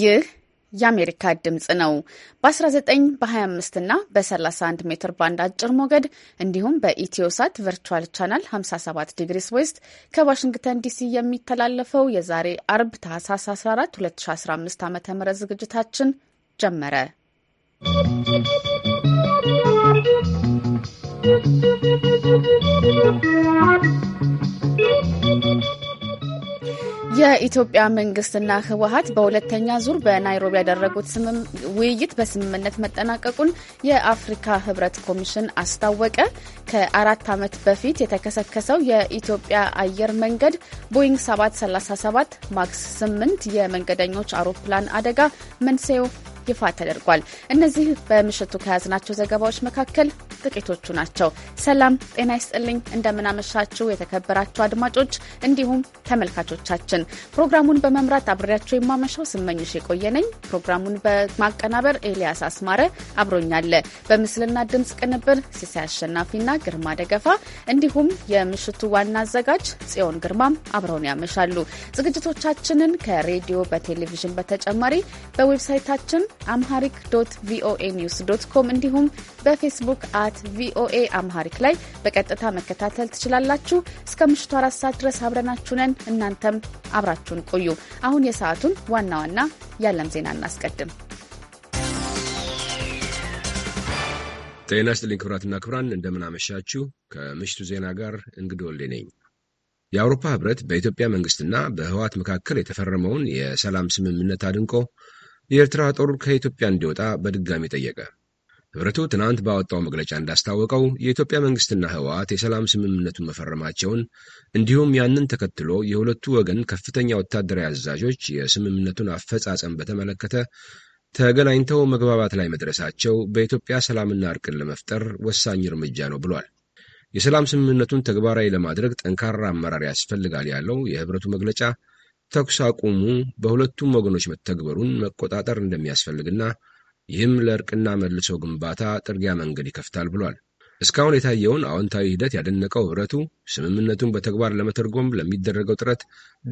ይህ የአሜሪካ ድምፅ ነው። በ19 በ25 እና በ31 ሜትር ባንድ አጭር ሞገድ እንዲሁም በኢትዮሳት ቨርቹዋል ቻናል 57 ዲግሪስ ዌስት ከዋሽንግተን ዲሲ የሚተላለፈው የዛሬ አርብ ታህሳስ 14 2015 ዓ ም ዝግጅታችን ጀመረ። ¶¶ የኢትዮጵያ መንግስትና ህወሀት በሁለተኛ ዙር በናይሮቢ ያደረጉት ውይይት በስምምነት መጠናቀቁን የአፍሪካ ህብረት ኮሚሽን አስታወቀ። ከአራት ዓመት በፊት የተከሰከሰው የኢትዮጵያ አየር መንገድ ቦይንግ 737 ማክስ 8 የመንገደኞች አውሮፕላን አደጋ መንስኤው ይፋ ተደርጓል። እነዚህ በምሽቱ ከያዝናቸው ዘገባዎች መካከል ጥቂቶቹ ናቸው። ሰላም ጤና ይስጥልኝ። እንደምናመሻችሁ የተከበራችሁ አድማጮች እንዲሁም ተመልካቾቻችን። ፕሮግራሙን በመምራት አብሬያቸው የማመሻው ስመኝሽ የቆየነኝ። ፕሮግራሙን በማቀናበር ኤልያስ አስማረ አብሮኛለ። በምስልና ድምፅ ቅንብር ሲሳይ አሸናፊና ግርማ ደገፋ እንዲሁም የምሽቱ ዋና አዘጋጅ ጽዮን ግርማም አብረውን ያመሻሉ። ዝግጅቶቻችንን ከሬዲዮ በቴሌቪዥን በተጨማሪ በዌብሳይታችን አምሃሪክ ዶት ቪኦኤ ኒውስ ዶት ኮም እንዲሁም በፌስቡክ አት ቪኦኤ አምሃሪክ ላይ በቀጥታ መከታተል ትችላላችሁ። እስከ ምሽቱ አራት ሰዓት ድረስ አብረናችሁ ነን። እናንተም አብራችሁን ቆዩ። አሁን የሰዓቱን ዋና ዋና የዓለም ዜና እናስቀድም። ጤና ክብራትና ክቡራትና ክቡራን፣ እንደምናመሻችሁ። ከምሽቱ ዜና ጋር እንግዶ ወልዴ ነኝ። የአውሮፓ ህብረት በኢትዮጵያ መንግስትና በህወሓት መካከል የተፈረመውን የሰላም ስምምነት አድንቆ የኤርትራ ጦር ከኢትዮጵያ እንዲወጣ በድጋሚ ጠየቀ። ህብረቱ ትናንት ባወጣው መግለጫ እንዳስታወቀው የኢትዮጵያ መንግስትና ህወሓት የሰላም ስምምነቱን መፈረማቸውን እንዲሁም ያንን ተከትሎ የሁለቱ ወገን ከፍተኛ ወታደራዊ አዛዦች የስምምነቱን አፈጻጸም በተመለከተ ተገናኝተው መግባባት ላይ መድረሳቸው በኢትዮጵያ ሰላምና እርቅን ለመፍጠር ወሳኝ እርምጃ ነው ብሏል። የሰላም ስምምነቱን ተግባራዊ ለማድረግ ጠንካራ አመራር ያስፈልጋል ያለው የህብረቱ መግለጫ ተኩስ አቁሙ በሁለቱም ወገኖች መተግበሩን መቆጣጠር እንደሚያስፈልግና ይህም ለእርቅና መልሶ ግንባታ ጥርጊያ መንገድ ይከፍታል ብሏል። እስካሁን የታየውን አዎንታዊ ሂደት ያደነቀው ኅብረቱ ስምምነቱን በተግባር ለመተርጎም ለሚደረገው ጥረት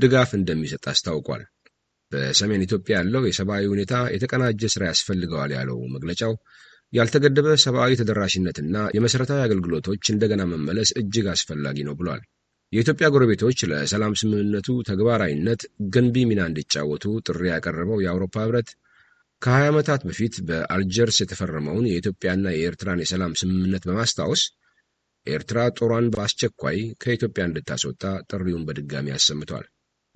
ድጋፍ እንደሚሰጥ አስታውቋል። በሰሜን ኢትዮጵያ ያለው የሰብአዊ ሁኔታ የተቀናጀ ሥራ ያስፈልገዋል ያለው መግለጫው ያልተገደበ ሰብአዊ ተደራሽነትና የመሠረታዊ አገልግሎቶች እንደገና መመለስ እጅግ አስፈላጊ ነው ብሏል። የኢትዮጵያ ጎረቤቶች ለሰላም ስምምነቱ ተግባራዊነት ገንቢ ሚና እንዲጫወቱ ጥሪ ያቀረበው የአውሮፓ ህብረት ከ20 ዓመታት በፊት በአልጀርስ የተፈረመውን የኢትዮጵያና የኤርትራን የሰላም ስምምነት በማስታወስ ኤርትራ ጦሯን በአስቸኳይ ከኢትዮጵያ እንድታስወጣ ጥሪውን በድጋሚ አሰምቷል።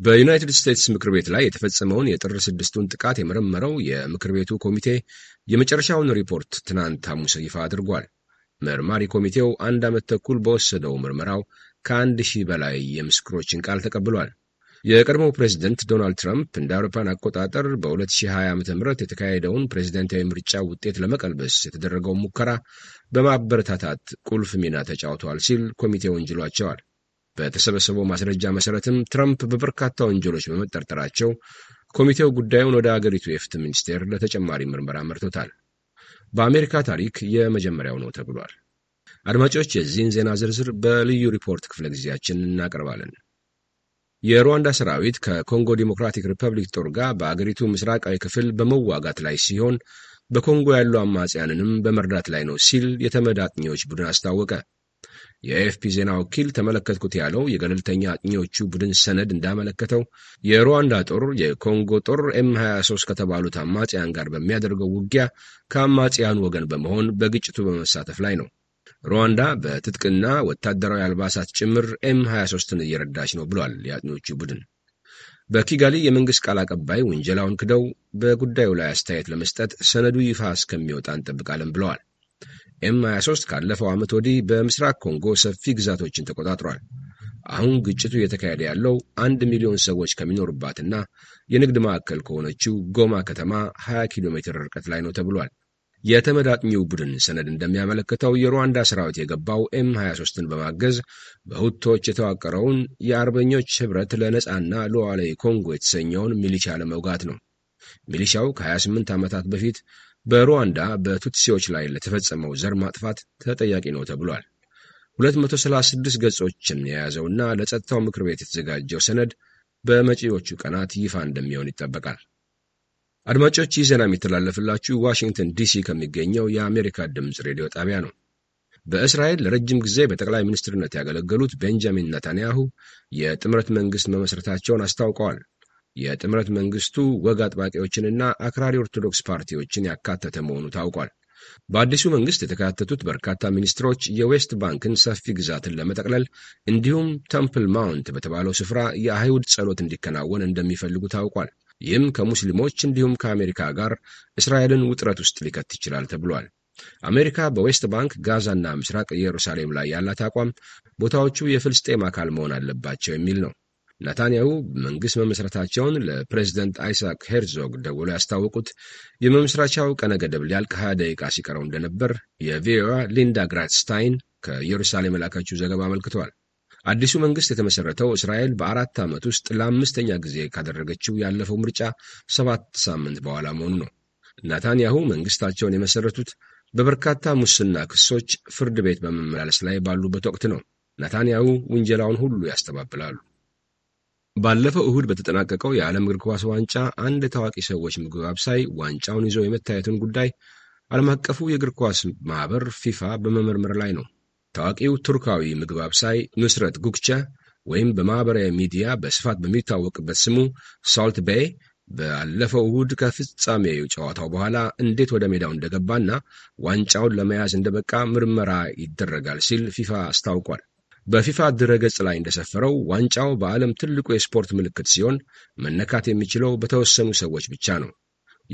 በዩናይትድ ስቴትስ ምክር ቤት ላይ የተፈጸመውን የጥር ስድስቱን ጥቃት የመረመረው የምክር ቤቱ ኮሚቴ የመጨረሻውን ሪፖርት ትናንት ሐሙስ ይፋ አድርጓል። መርማሪ ኮሚቴው አንድ ዓመት ተኩል በወሰደው ምርመራው ከአንድ ሺህ በላይ የምስክሮችን ቃል ተቀብሏል። የቀድሞው ፕሬዝደንት ዶናልድ ትራምፕ እንደ አውሮፓን አቆጣጠር በ2020 ዓ ም የተካሄደውን ፕሬዝደንታዊ ምርጫ ውጤት ለመቀልበስ የተደረገውን ሙከራ በማበረታታት ቁልፍ ሚና ተጫውተዋል ሲል ኮሚቴው ወንጅሏቸዋል። በተሰበሰበው ማስረጃ መሠረትም ትራምፕ በበርካታ ወንጀሎች በመጠርጠራቸው ኮሚቴው ጉዳዩን ወደ አገሪቱ የፍትህ ሚኒስቴር ለተጨማሪ ምርመራ መርቶታል። በአሜሪካ ታሪክ የመጀመሪያው ነው ተብሏል። አድማጮች የዚህን ዜና ዝርዝር በልዩ ሪፖርት ክፍለ ጊዜያችን እናቀርባለን። የሩዋንዳ ሰራዊት ከኮንጎ ዲሞክራቲክ ሪፐብሊክ ጦር ጋር በአገሪቱ ምስራቃዊ ክፍል በመዋጋት ላይ ሲሆን በኮንጎ ያሉ አማጽያንንም በመርዳት ላይ ነው ሲል የተመድ አጥኚዎች ቡድን አስታወቀ። የኤፍፒ ዜና ወኪል ተመለከትኩት ያለው የገለልተኛ አጥኚዎቹ ቡድን ሰነድ እንዳመለከተው የሩዋንዳ ጦር የኮንጎ ጦር ኤም 23 ከተባሉት አማጽያን ጋር በሚያደርገው ውጊያ ከአማጽያን ወገን በመሆን በግጭቱ በመሳተፍ ላይ ነው። ሩዋንዳ በትጥቅና ወታደራዊ አልባሳት ጭምር ኤም 23ን እየረዳች ነው ብሏል የአጥኚዎቹ ቡድን። በኪጋሊ የመንግሥት ቃል አቀባይ ውንጀላውን ክደው በጉዳዩ ላይ አስተያየት ለመስጠት ሰነዱ ይፋ እስከሚወጣ እንጠብቃለን ብለዋል። ኤም 23 ካለፈው ዓመት ወዲህ በምስራቅ ኮንጎ ሰፊ ግዛቶችን ተቆጣጥሯል። አሁን ግጭቱ እየተካሄደ ያለው አንድ ሚሊዮን ሰዎች ከሚኖሩባትና የንግድ ማዕከል ከሆነችው ጎማ ከተማ 20 ኪሎ ሜትር ርቀት ላይ ነው ተብሏል። የተመድ አጥኚው ቡድን ሰነድ እንደሚያመለክተው የሩዋንዳ ሰራዊት የገባው ኤም 23ን በማገዝ በሁቶች የተዋቀረውን የአርበኞች ኅብረት ለነፃና ሉዓላዊ ኮንጎ የተሰኘውን ሚሊሻ ለመውጋት ነው። ሚሊሻው ከ28 ዓመታት በፊት በሩዋንዳ በቱትሲዎች ላይ ለተፈጸመው ዘር ማጥፋት ተጠያቂ ነው ተብሏል። 236 ገጾችን የያዘውና ለጸጥታው ምክር ቤት የተዘጋጀው ሰነድ በመጪዎቹ ቀናት ይፋ እንደሚሆን ይጠበቃል። አድማጮች ይህ ዜና የሚተላለፍላችሁ ዋሽንግተን ዲሲ ከሚገኘው የአሜሪካ ድምፅ ሬዲዮ ጣቢያ ነው። በእስራኤል ለረጅም ጊዜ በጠቅላይ ሚኒስትርነት ያገለገሉት ቤንጃሚን ነታንያሁ የጥምረት መንግሥት መመስረታቸውን አስታውቀዋል። የጥምረት መንግሥቱ ወግ አጥባቂዎችንና አክራሪ ኦርቶዶክስ ፓርቲዎችን ያካተተ መሆኑ ታውቋል። በአዲሱ መንግሥት የተካተቱት በርካታ ሚኒስትሮች የዌስት ባንክን ሰፊ ግዛትን ለመጠቅለል እንዲሁም ተምፕል ማውንት በተባለው ስፍራ የአይሁድ ጸሎት እንዲከናወን እንደሚፈልጉ ታውቋል። ይህም ከሙስሊሞች እንዲሁም ከአሜሪካ ጋር እስራኤልን ውጥረት ውስጥ ሊከት ይችላል ተብሏል። አሜሪካ በዌስት ባንክ፣ ጋዛና ምስራቅ ኢየሩሳሌም ላይ ያላት አቋም ቦታዎቹ የፍልስጤም አካል መሆን አለባቸው የሚል ነው። ነታንያሁ መንግሥት መመስረታቸውን ለፕሬዚደንት አይሳክ ሄርዞግ ደውሎ ያስታወቁት የመመስረቻው ቀነ ገደብ ሊያልቅ 20 ደቂቃ ሲቀረው እንደነበር የቪኦኤ ሊንዳ ግራትስታይን ከኢየሩሳሌም የላከችው ዘገባ አመልክተዋል። አዲሱ መንግስት የተመሠረተው እስራኤል በአራት ዓመት ውስጥ ለአምስተኛ ጊዜ ካደረገችው ያለፈው ምርጫ ሰባት ሳምንት በኋላ መሆኑ ነው። ናታንያሁ መንግስታቸውን የመሠረቱት በበርካታ ሙስና ክሶች ፍርድ ቤት በመመላለስ ላይ ባሉበት ወቅት ነው። ናታንያሁ ውንጀላውን ሁሉ ያስተባብላሉ። ባለፈው እሁድ በተጠናቀቀው የዓለም እግር ኳስ ዋንጫ አንድ ታዋቂ ሰዎች ምግብ አብሳይ ዋንጫውን ይዞ የመታየቱን ጉዳይ ዓለም አቀፉ የእግር ኳስ ማኅበር ፊፋ በመመርመር ላይ ነው። ታዋቂው ቱርካዊ ምግብ አብሳይ ኑስረት ጉክቸ ወይም በማኅበራዊ ሚዲያ በስፋት በሚታወቅበት ስሙ ሳልት ቤይ ባለፈው እሁድ ከፍጻሜው ጨዋታው በኋላ እንዴት ወደ ሜዳው እንደገባና ዋንጫውን ለመያዝ እንደበቃ ምርመራ ይደረጋል ሲል ፊፋ አስታውቋል። በፊፋ ድረገጽ ላይ እንደሰፈረው ዋንጫው በዓለም ትልቁ የስፖርት ምልክት ሲሆን መነካት የሚችለው በተወሰኑ ሰዎች ብቻ ነው።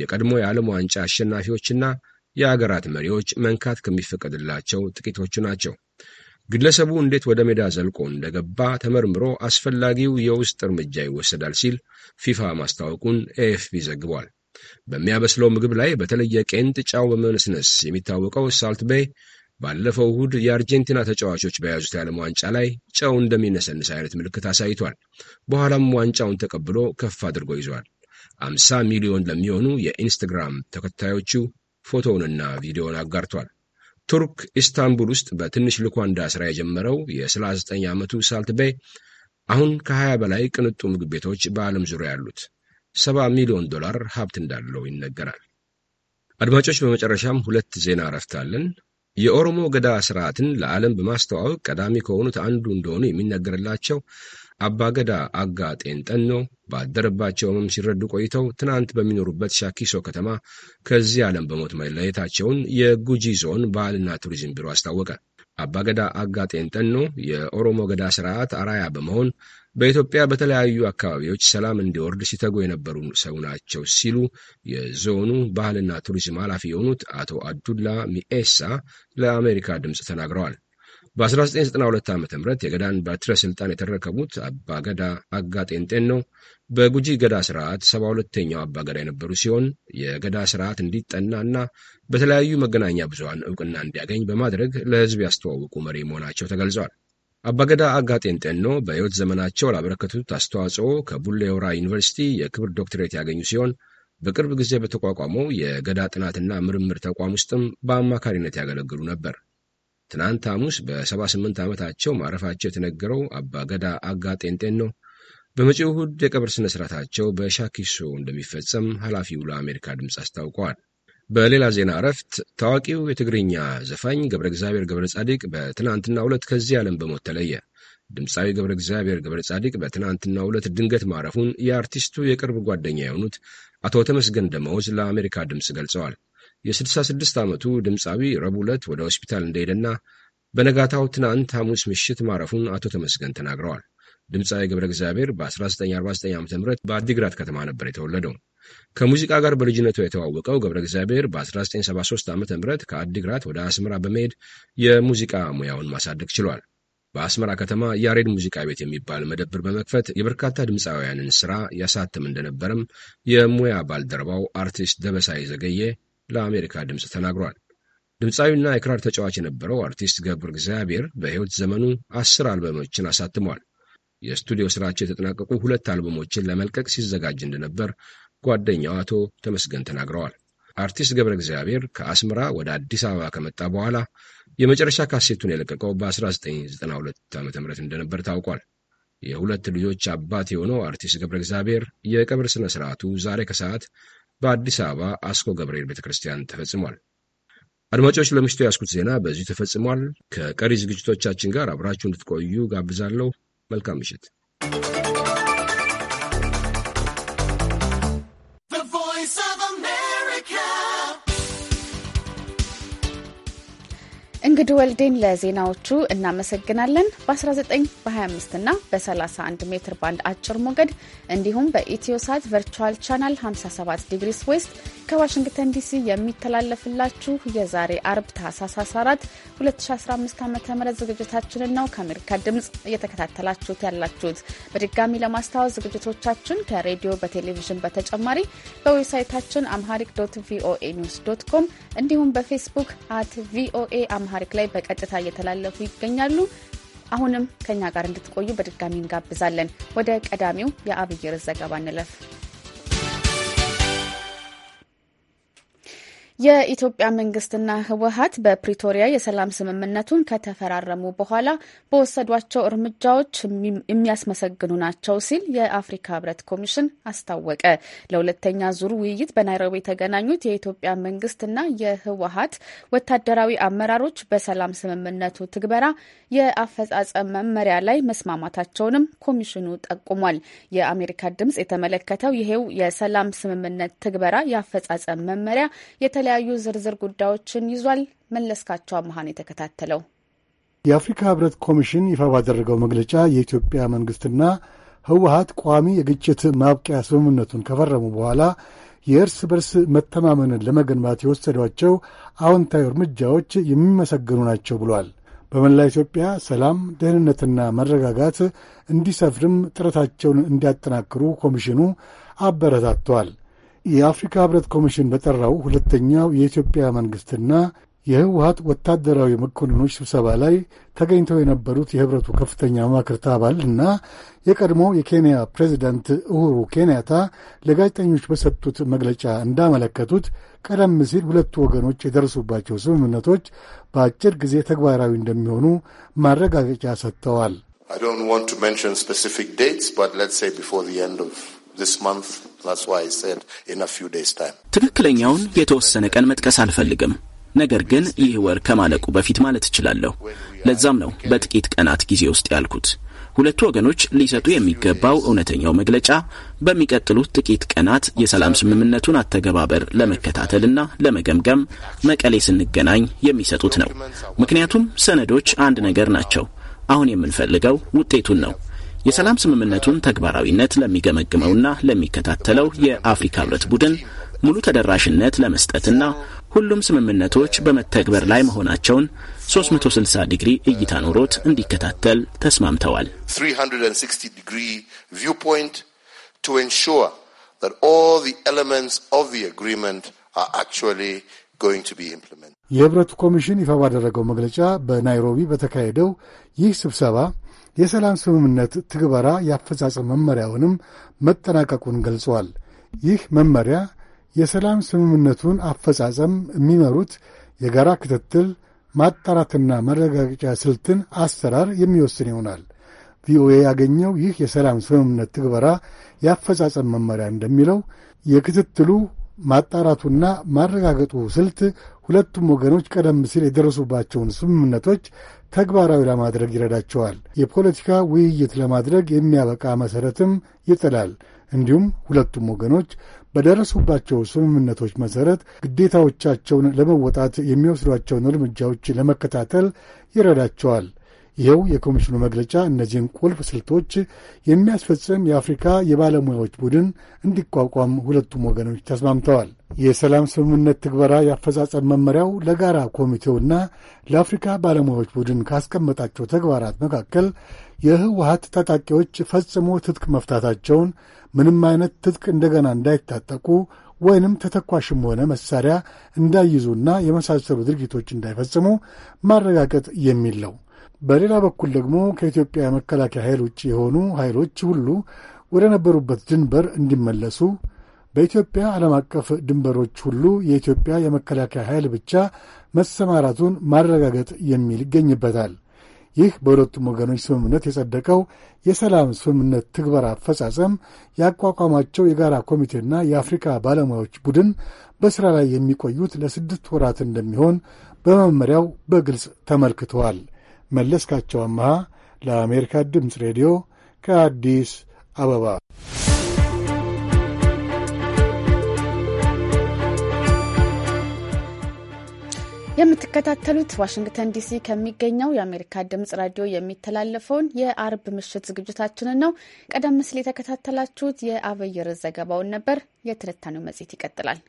የቀድሞ የዓለም ዋንጫ አሸናፊዎችና የአገራት መሪዎች መንካት ከሚፈቀድላቸው ጥቂቶቹ ናቸው። ግለሰቡ እንዴት ወደ ሜዳ ዘልቆ እንደገባ ተመርምሮ አስፈላጊው የውስጥ እርምጃ ይወሰዳል ሲል ፊፋ ማስታወቁን ኤኤፍፒ ዘግቧል። በሚያበስለው ምግብ ላይ በተለየ ቄንጥ ጫው በመነስነስ የሚታወቀው ሳልት ቤይ ባለፈው እሁድ የአርጀንቲና ተጫዋቾች በያዙት የዓለም ዋንጫ ላይ ጨው እንደሚነሰንስ አይነት ምልክት አሳይቷል። በኋላም ዋንጫውን ተቀብሎ ከፍ አድርጎ ይዟል። አምሳ ሚሊዮን ለሚሆኑ የኢንስታግራም ተከታዮቹ ፎቶውንና ቪዲዮውን አጋርቷል። ቱርክ ኢስታንቡል ውስጥ በትንሽ ልኳንዳ ሥራ የጀመረው የ39 ዓመቱ ሳልትቤ አሁን ከ20 በላይ ቅንጡ ምግብ ቤቶች በዓለም ዙሪያ ያሉት ሰባ ሚሊዮን ዶላር ሀብት እንዳለው ይነገራል። አድማጮች፣ በመጨረሻም ሁለት ዜና አረፍታለን። የኦሮሞ ገዳ ስርዓትን ለዓለም በማስተዋወቅ ቀዳሚ ከሆኑት አንዱ እንደሆኑ የሚነገርላቸው አባገዳ አጋ ጤንጠኖ ባደረባቸው ሕመም ሲረዱ ቆይተው ትናንት በሚኖሩበት ሻኪሶ ከተማ ከዚህ ዓለም በሞት መለየታቸውን የጉጂ ዞን ባህልና ቱሪዝም ቢሮ አስታወቀ። አባገዳ አጋ ጤንጠኖ የኦሮሞ ገዳ ስርዓት አራያ በመሆን በኢትዮጵያ በተለያዩ አካባቢዎች ሰላም እንዲወርድ ሲተጉ የነበሩ ሰው ናቸው ሲሉ የዞኑ ባህልና ቱሪዝም ኃላፊ የሆኑት አቶ አዱላ ሚኤሳ ለአሜሪካ ድምፅ ተናግረዋል። በ1992 ዓ ም የገዳን ባትረ ስልጣን የተረከቡት አባገዳ አጋጤንጤኖ በጉጂ ገዳ ስርዓት 72ኛው አባገዳ የነበሩ ሲሆን የገዳ ስርዓት እንዲጠና እና በተለያዩ መገናኛ ብዙሃን እውቅና እንዲያገኝ በማድረግ ለህዝብ ያስተዋውቁ መሪ መሆናቸው ተገልጿል። አባገዳ አጋጤንጤኖ በሕይወት ዘመናቸው ላበረከቱት አስተዋጽኦ ከቡሌ ሆራ ዩኒቨርሲቲ የክብር ዶክትሬት ያገኙ ሲሆን በቅርብ ጊዜ በተቋቋመው የገዳ ጥናትና ምርምር ተቋም ውስጥም በአማካሪነት ያገለግሉ ነበር። ትናንት ሐሙስ በ78 ዓመታቸው ማረፋቸው የተነገረው አባገዳ አጋ ነው። በመጪው እሁድ የቀብር ሥነ ሥርዓታቸው በሻኪሶ እንደሚፈጸም ኃላፊው ለአሜሪካ ድምፅ አስታውቀዋል። በሌላ ዜና እረፍት ታዋቂው የትግርኛ ዘፋኝ ገብረ እግዚአብሔር ገብረ ጻዲቅ በትናንትና ሁለት ከዚህ ዓለም በሞት ተለየ። ድምፃዊ ገብረ እግዚአብሔር ገብረ ጻዲቅ በትናንትና ሁለት ድንገት ማረፉን የአርቲስቱ የቅርብ ጓደኛ የሆኑት አቶ ተመስገን ደመወዝ ለአሜሪካ ድምፅ ገልጸዋል። የ66 ዓመቱ ድምፃዊ ረቡዕ ዕለት ወደ ሆስፒታል እንደሄደና በነጋታው ትናንት ሐሙስ ምሽት ማረፉን አቶ ተመስገን ተናግረዋል። ድምፃዊ ገብረ እግዚአብሔር በ1949 ዓ ም በአዲግራት ከተማ ነበር የተወለደው። ከሙዚቃ ጋር በልጅነቱ የተዋወቀው ገብረ እግዚአብሔር በ1973 ዓ ም ከአዲግራት ወደ አስመራ በመሄድ የሙዚቃ ሙያውን ማሳደግ ችሏል። በአስመራ ከተማ ያሬድ ሙዚቃ ቤት የሚባል መደብር በመክፈት የበርካታ ድምፃውያንን ስራ ያሳትም እንደነበረም የሙያ ባልደረባው አርቲስት ደበሳይ ዘገየ ለአሜሪካ ድምፅ ተናግሯል። ድምፃዊና የክራር ተጫዋች የነበረው አርቲስት ገብር እግዚአብሔር በሕይወት ዘመኑ አስር አልበሞችን አሳትሟል። የስቱዲዮ ሥራቸው የተጠናቀቁ ሁለት አልበሞችን ለመልቀቅ ሲዘጋጅ እንደነበር ጓደኛው አቶ ተመስገን ተናግረዋል። አርቲስት ገብረ እግዚአብሔር ከአስመራ ወደ አዲስ አበባ ከመጣ በኋላ የመጨረሻ ካሴቱን የለቀቀው በ1992 ዓ ም እንደነበር ታውቋል። የሁለት ልጆች አባት የሆነው አርቲስት ገብረ እግዚአብሔር የቀብር ሥነ ሥርዓቱ ዛሬ ከሰዓት በአዲስ አበባ አስኮ ገብርኤል ቤተ ክርስቲያን ተፈጽሟል። አድማጮች፣ ለምሽቱ ያስኩት ዜና በዚሁ ተፈጽሟል። ከቀሪ ዝግጅቶቻችን ጋር አብራችሁ እንድትቆዩ ጋብዛለሁ። መልካም ምሽት። እንግዲህ ወልዴን ለዜናዎቹ እናመሰግናለን። በ19 በ25 እና በ31 ሜትር ባንድ አጭር ሞገድ እንዲሁም በኢትዮሳት ቨርቹዋል ቻናል 57 ዲግሪስ ዌስት ከዋሽንግተን ዲሲ የሚተላለፍላችሁ የዛሬ አርብ ታህሳስ 14 2015 ዓ ም ዝግጅታችንን ነው ከአሜሪካ ድምፅ እየተከታተላችሁት ያላችሁት። በድጋሚ ለማስታወስ ዝግጅቶቻችን ከሬዲዮ በቴሌቪዥን በተጨማሪ በዌብሳይታችን አምሃሪክ ዶት ቪኦኤ ኒውስ ዶት ኮም እንዲሁም በፌስቡክ አት ቪኦኤ አምሃሪክ ላይ በቀጥታ እየተላለፉ ይገኛሉ። አሁንም ከእኛ ጋር እንድትቆዩ በድጋሚ እንጋብዛለን። ወደ ቀዳሚው የአብይር ዘገባ እንለፍ። የኢትዮጵያ መንግስትና ህወሀት በፕሪቶሪያ የሰላም ስምምነቱን ከተፈራረሙ በኋላ በወሰዷቸው እርምጃዎች የሚያስመሰግኑ ናቸው ሲል የአፍሪካ ህብረት ኮሚሽን አስታወቀ። ለሁለተኛ ዙር ውይይት በናይሮቢ የተገናኙት የኢትዮጵያ መንግስትና የህወሀት ወታደራዊ አመራሮች በሰላም ስምምነቱ ትግበራ የአፈጻጸም መመሪያ ላይ መስማማታቸውንም ኮሚሽኑ ጠቁሟል። የአሜሪካ ድምጽ የተመለከተው ይሄው የሰላም ስምምነት ትግበራ የአፈጻጸም መመሪያ የተለያዩ ዝርዝር ጉዳዮችን ይዟል። መለስካቸው አመሀን የተከታተለው የአፍሪካ ህብረት ኮሚሽን ይፋ ባደረገው መግለጫ የኢትዮጵያ መንግስትና ህወሀት ቋሚ የግጭት ማብቂያ ስምምነቱን ከፈረሙ በኋላ የእርስ በርስ መተማመንን ለመገንባት የወሰዷቸው አዎንታዊ እርምጃዎች የሚመሰገኑ ናቸው ብሏል። በመላ ኢትዮጵያ ሰላም፣ ደህንነትና መረጋጋት እንዲሰፍርም ጥረታቸውን እንዲያጠናክሩ ኮሚሽኑ አበረታቷል። የአፍሪካ ህብረት ኮሚሽን በጠራው ሁለተኛው የኢትዮጵያ መንግሥትና የህወሀት ወታደራዊ መኮንኖች ስብሰባ ላይ ተገኝተው የነበሩት የህብረቱ ከፍተኛ መማክርት አባል እና የቀድሞው የኬንያ ፕሬዚዳንት እሁሩ ኬንያታ ለጋዜጠኞች በሰጡት መግለጫ እንዳመለከቱት ቀደም ሲል ሁለቱ ወገኖች የደረሱባቸው ስምምነቶች በአጭር ጊዜ ተግባራዊ እንደሚሆኑ ማረጋገጫ ሰጥተዋል። ትክክለኛውን የተወሰነ ቀን መጥቀስ አልፈልግም፣ ነገር ግን ይህ ወር ከማለቁ በፊት ማለት እችላለሁ። ለዛም ነው በጥቂት ቀናት ጊዜ ውስጥ ያልኩት። ሁለቱ ወገኖች ሊሰጡ የሚገባው እውነተኛው መግለጫ በሚቀጥሉት ጥቂት ቀናት የሰላም ስምምነቱን አተገባበር ለመከታተልና ለመገምገም መቀሌ ስንገናኝ የሚሰጡት ነው። ምክንያቱም ሰነዶች አንድ ነገር ናቸው። አሁን የምንፈልገው ውጤቱን ነው። የሰላም ስምምነቱን ተግባራዊነት ለሚገመግመውና ለሚከታተለው የአፍሪካ ህብረት ቡድን ሙሉ ተደራሽነት ለመስጠትና ሁሉም ስምምነቶች በመተግበር ላይ መሆናቸውን 360 ዲግሪ እይታ ኖሮት እንዲከታተል ተስማምተዋል። የህብረቱ ኮሚሽን ይፋ ባደረገው መግለጫ በናይሮቢ በተካሄደው ይህ ስብሰባ የሰላም ስምምነት ትግበራ የአፈጻጸም መመሪያውንም መጠናቀቁን ገልጿል። ይህ መመሪያ የሰላም ስምምነቱን አፈጻጸም የሚመሩት የጋራ ክትትል ማጣራትና ማረጋገጫ ስልትን አሰራር የሚወስን ይሆናል። ቪኦኤ ያገኘው ይህ የሰላም ስምምነት ትግበራ የአፈጻጸም መመሪያ እንደሚለው የክትትሉ ማጣራቱና ማረጋገጡ ስልት ሁለቱም ወገኖች ቀደም ሲል የደረሱባቸውን ስምምነቶች ተግባራዊ ለማድረግ ይረዳቸዋል። የፖለቲካ ውይይት ለማድረግ የሚያበቃ መሠረትም ይጥላል። እንዲሁም ሁለቱም ወገኖች በደረሱባቸው ስምምነቶች መሠረት ግዴታዎቻቸውን ለመወጣት የሚወስዷቸውን እርምጃዎች ለመከታተል ይረዳቸዋል። ይኸው የኮሚሽኑ መግለጫ እነዚህን ቁልፍ ስልቶች የሚያስፈጽም የአፍሪካ የባለሙያዎች ቡድን እንዲቋቋም ሁለቱም ወገኖች ተስማምተዋል። የሰላም ስምምነት ትግበራ የአፈጻጸም መመሪያው ለጋራ ኮሚቴውና ለአፍሪካ ባለሙያዎች ቡድን ካስቀመጣቸው ተግባራት መካከል የህወሀት ታጣቂዎች ፈጽሞ ትጥቅ መፍታታቸውን፣ ምንም አይነት ትጥቅ እንደገና እንዳይታጠቁ ወይንም ተተኳሽም ሆነ መሳሪያ እንዳይዙና የመሳሰሉ ድርጊቶች እንዳይፈጽሙ ማረጋገጥ የሚል ነው። በሌላ በኩል ደግሞ ከኢትዮጵያ የመከላከያ ኃይል ውጭ የሆኑ ኃይሎች ሁሉ ወደ ነበሩበት ድንበር እንዲመለሱ፣ በኢትዮጵያ ዓለም አቀፍ ድንበሮች ሁሉ የኢትዮጵያ የመከላከያ ኃይል ብቻ መሰማራቱን ማረጋገጥ የሚል ይገኝበታል። ይህ በሁለቱም ወገኖች ስምምነት የጸደቀው የሰላም ስምምነት ትግበራ አፈጻጸም ያቋቋማቸው የጋራ ኮሚቴና የአፍሪካ ባለሙያዎች ቡድን በሥራ ላይ የሚቆዩት ለስድስት ወራት እንደሚሆን በመመሪያው በግልጽ ተመልክተዋል። መለስካቸው አመሃ ለአሜሪካ ድምፅ ሬዲዮ ከአዲስ አበባ የምትከታተሉት ዋሽንግተን ዲሲ ከሚገኘው የአሜሪካ ድምጽ ራዲዮ የሚተላለፈውን የአርብ ምሽት ዝግጅታችንን ነው። ቀደም ሲል የተከታተላችሁት የአብይር ዘገባውን ነበር። የትንታኔው መጽሔት ይቀጥላል።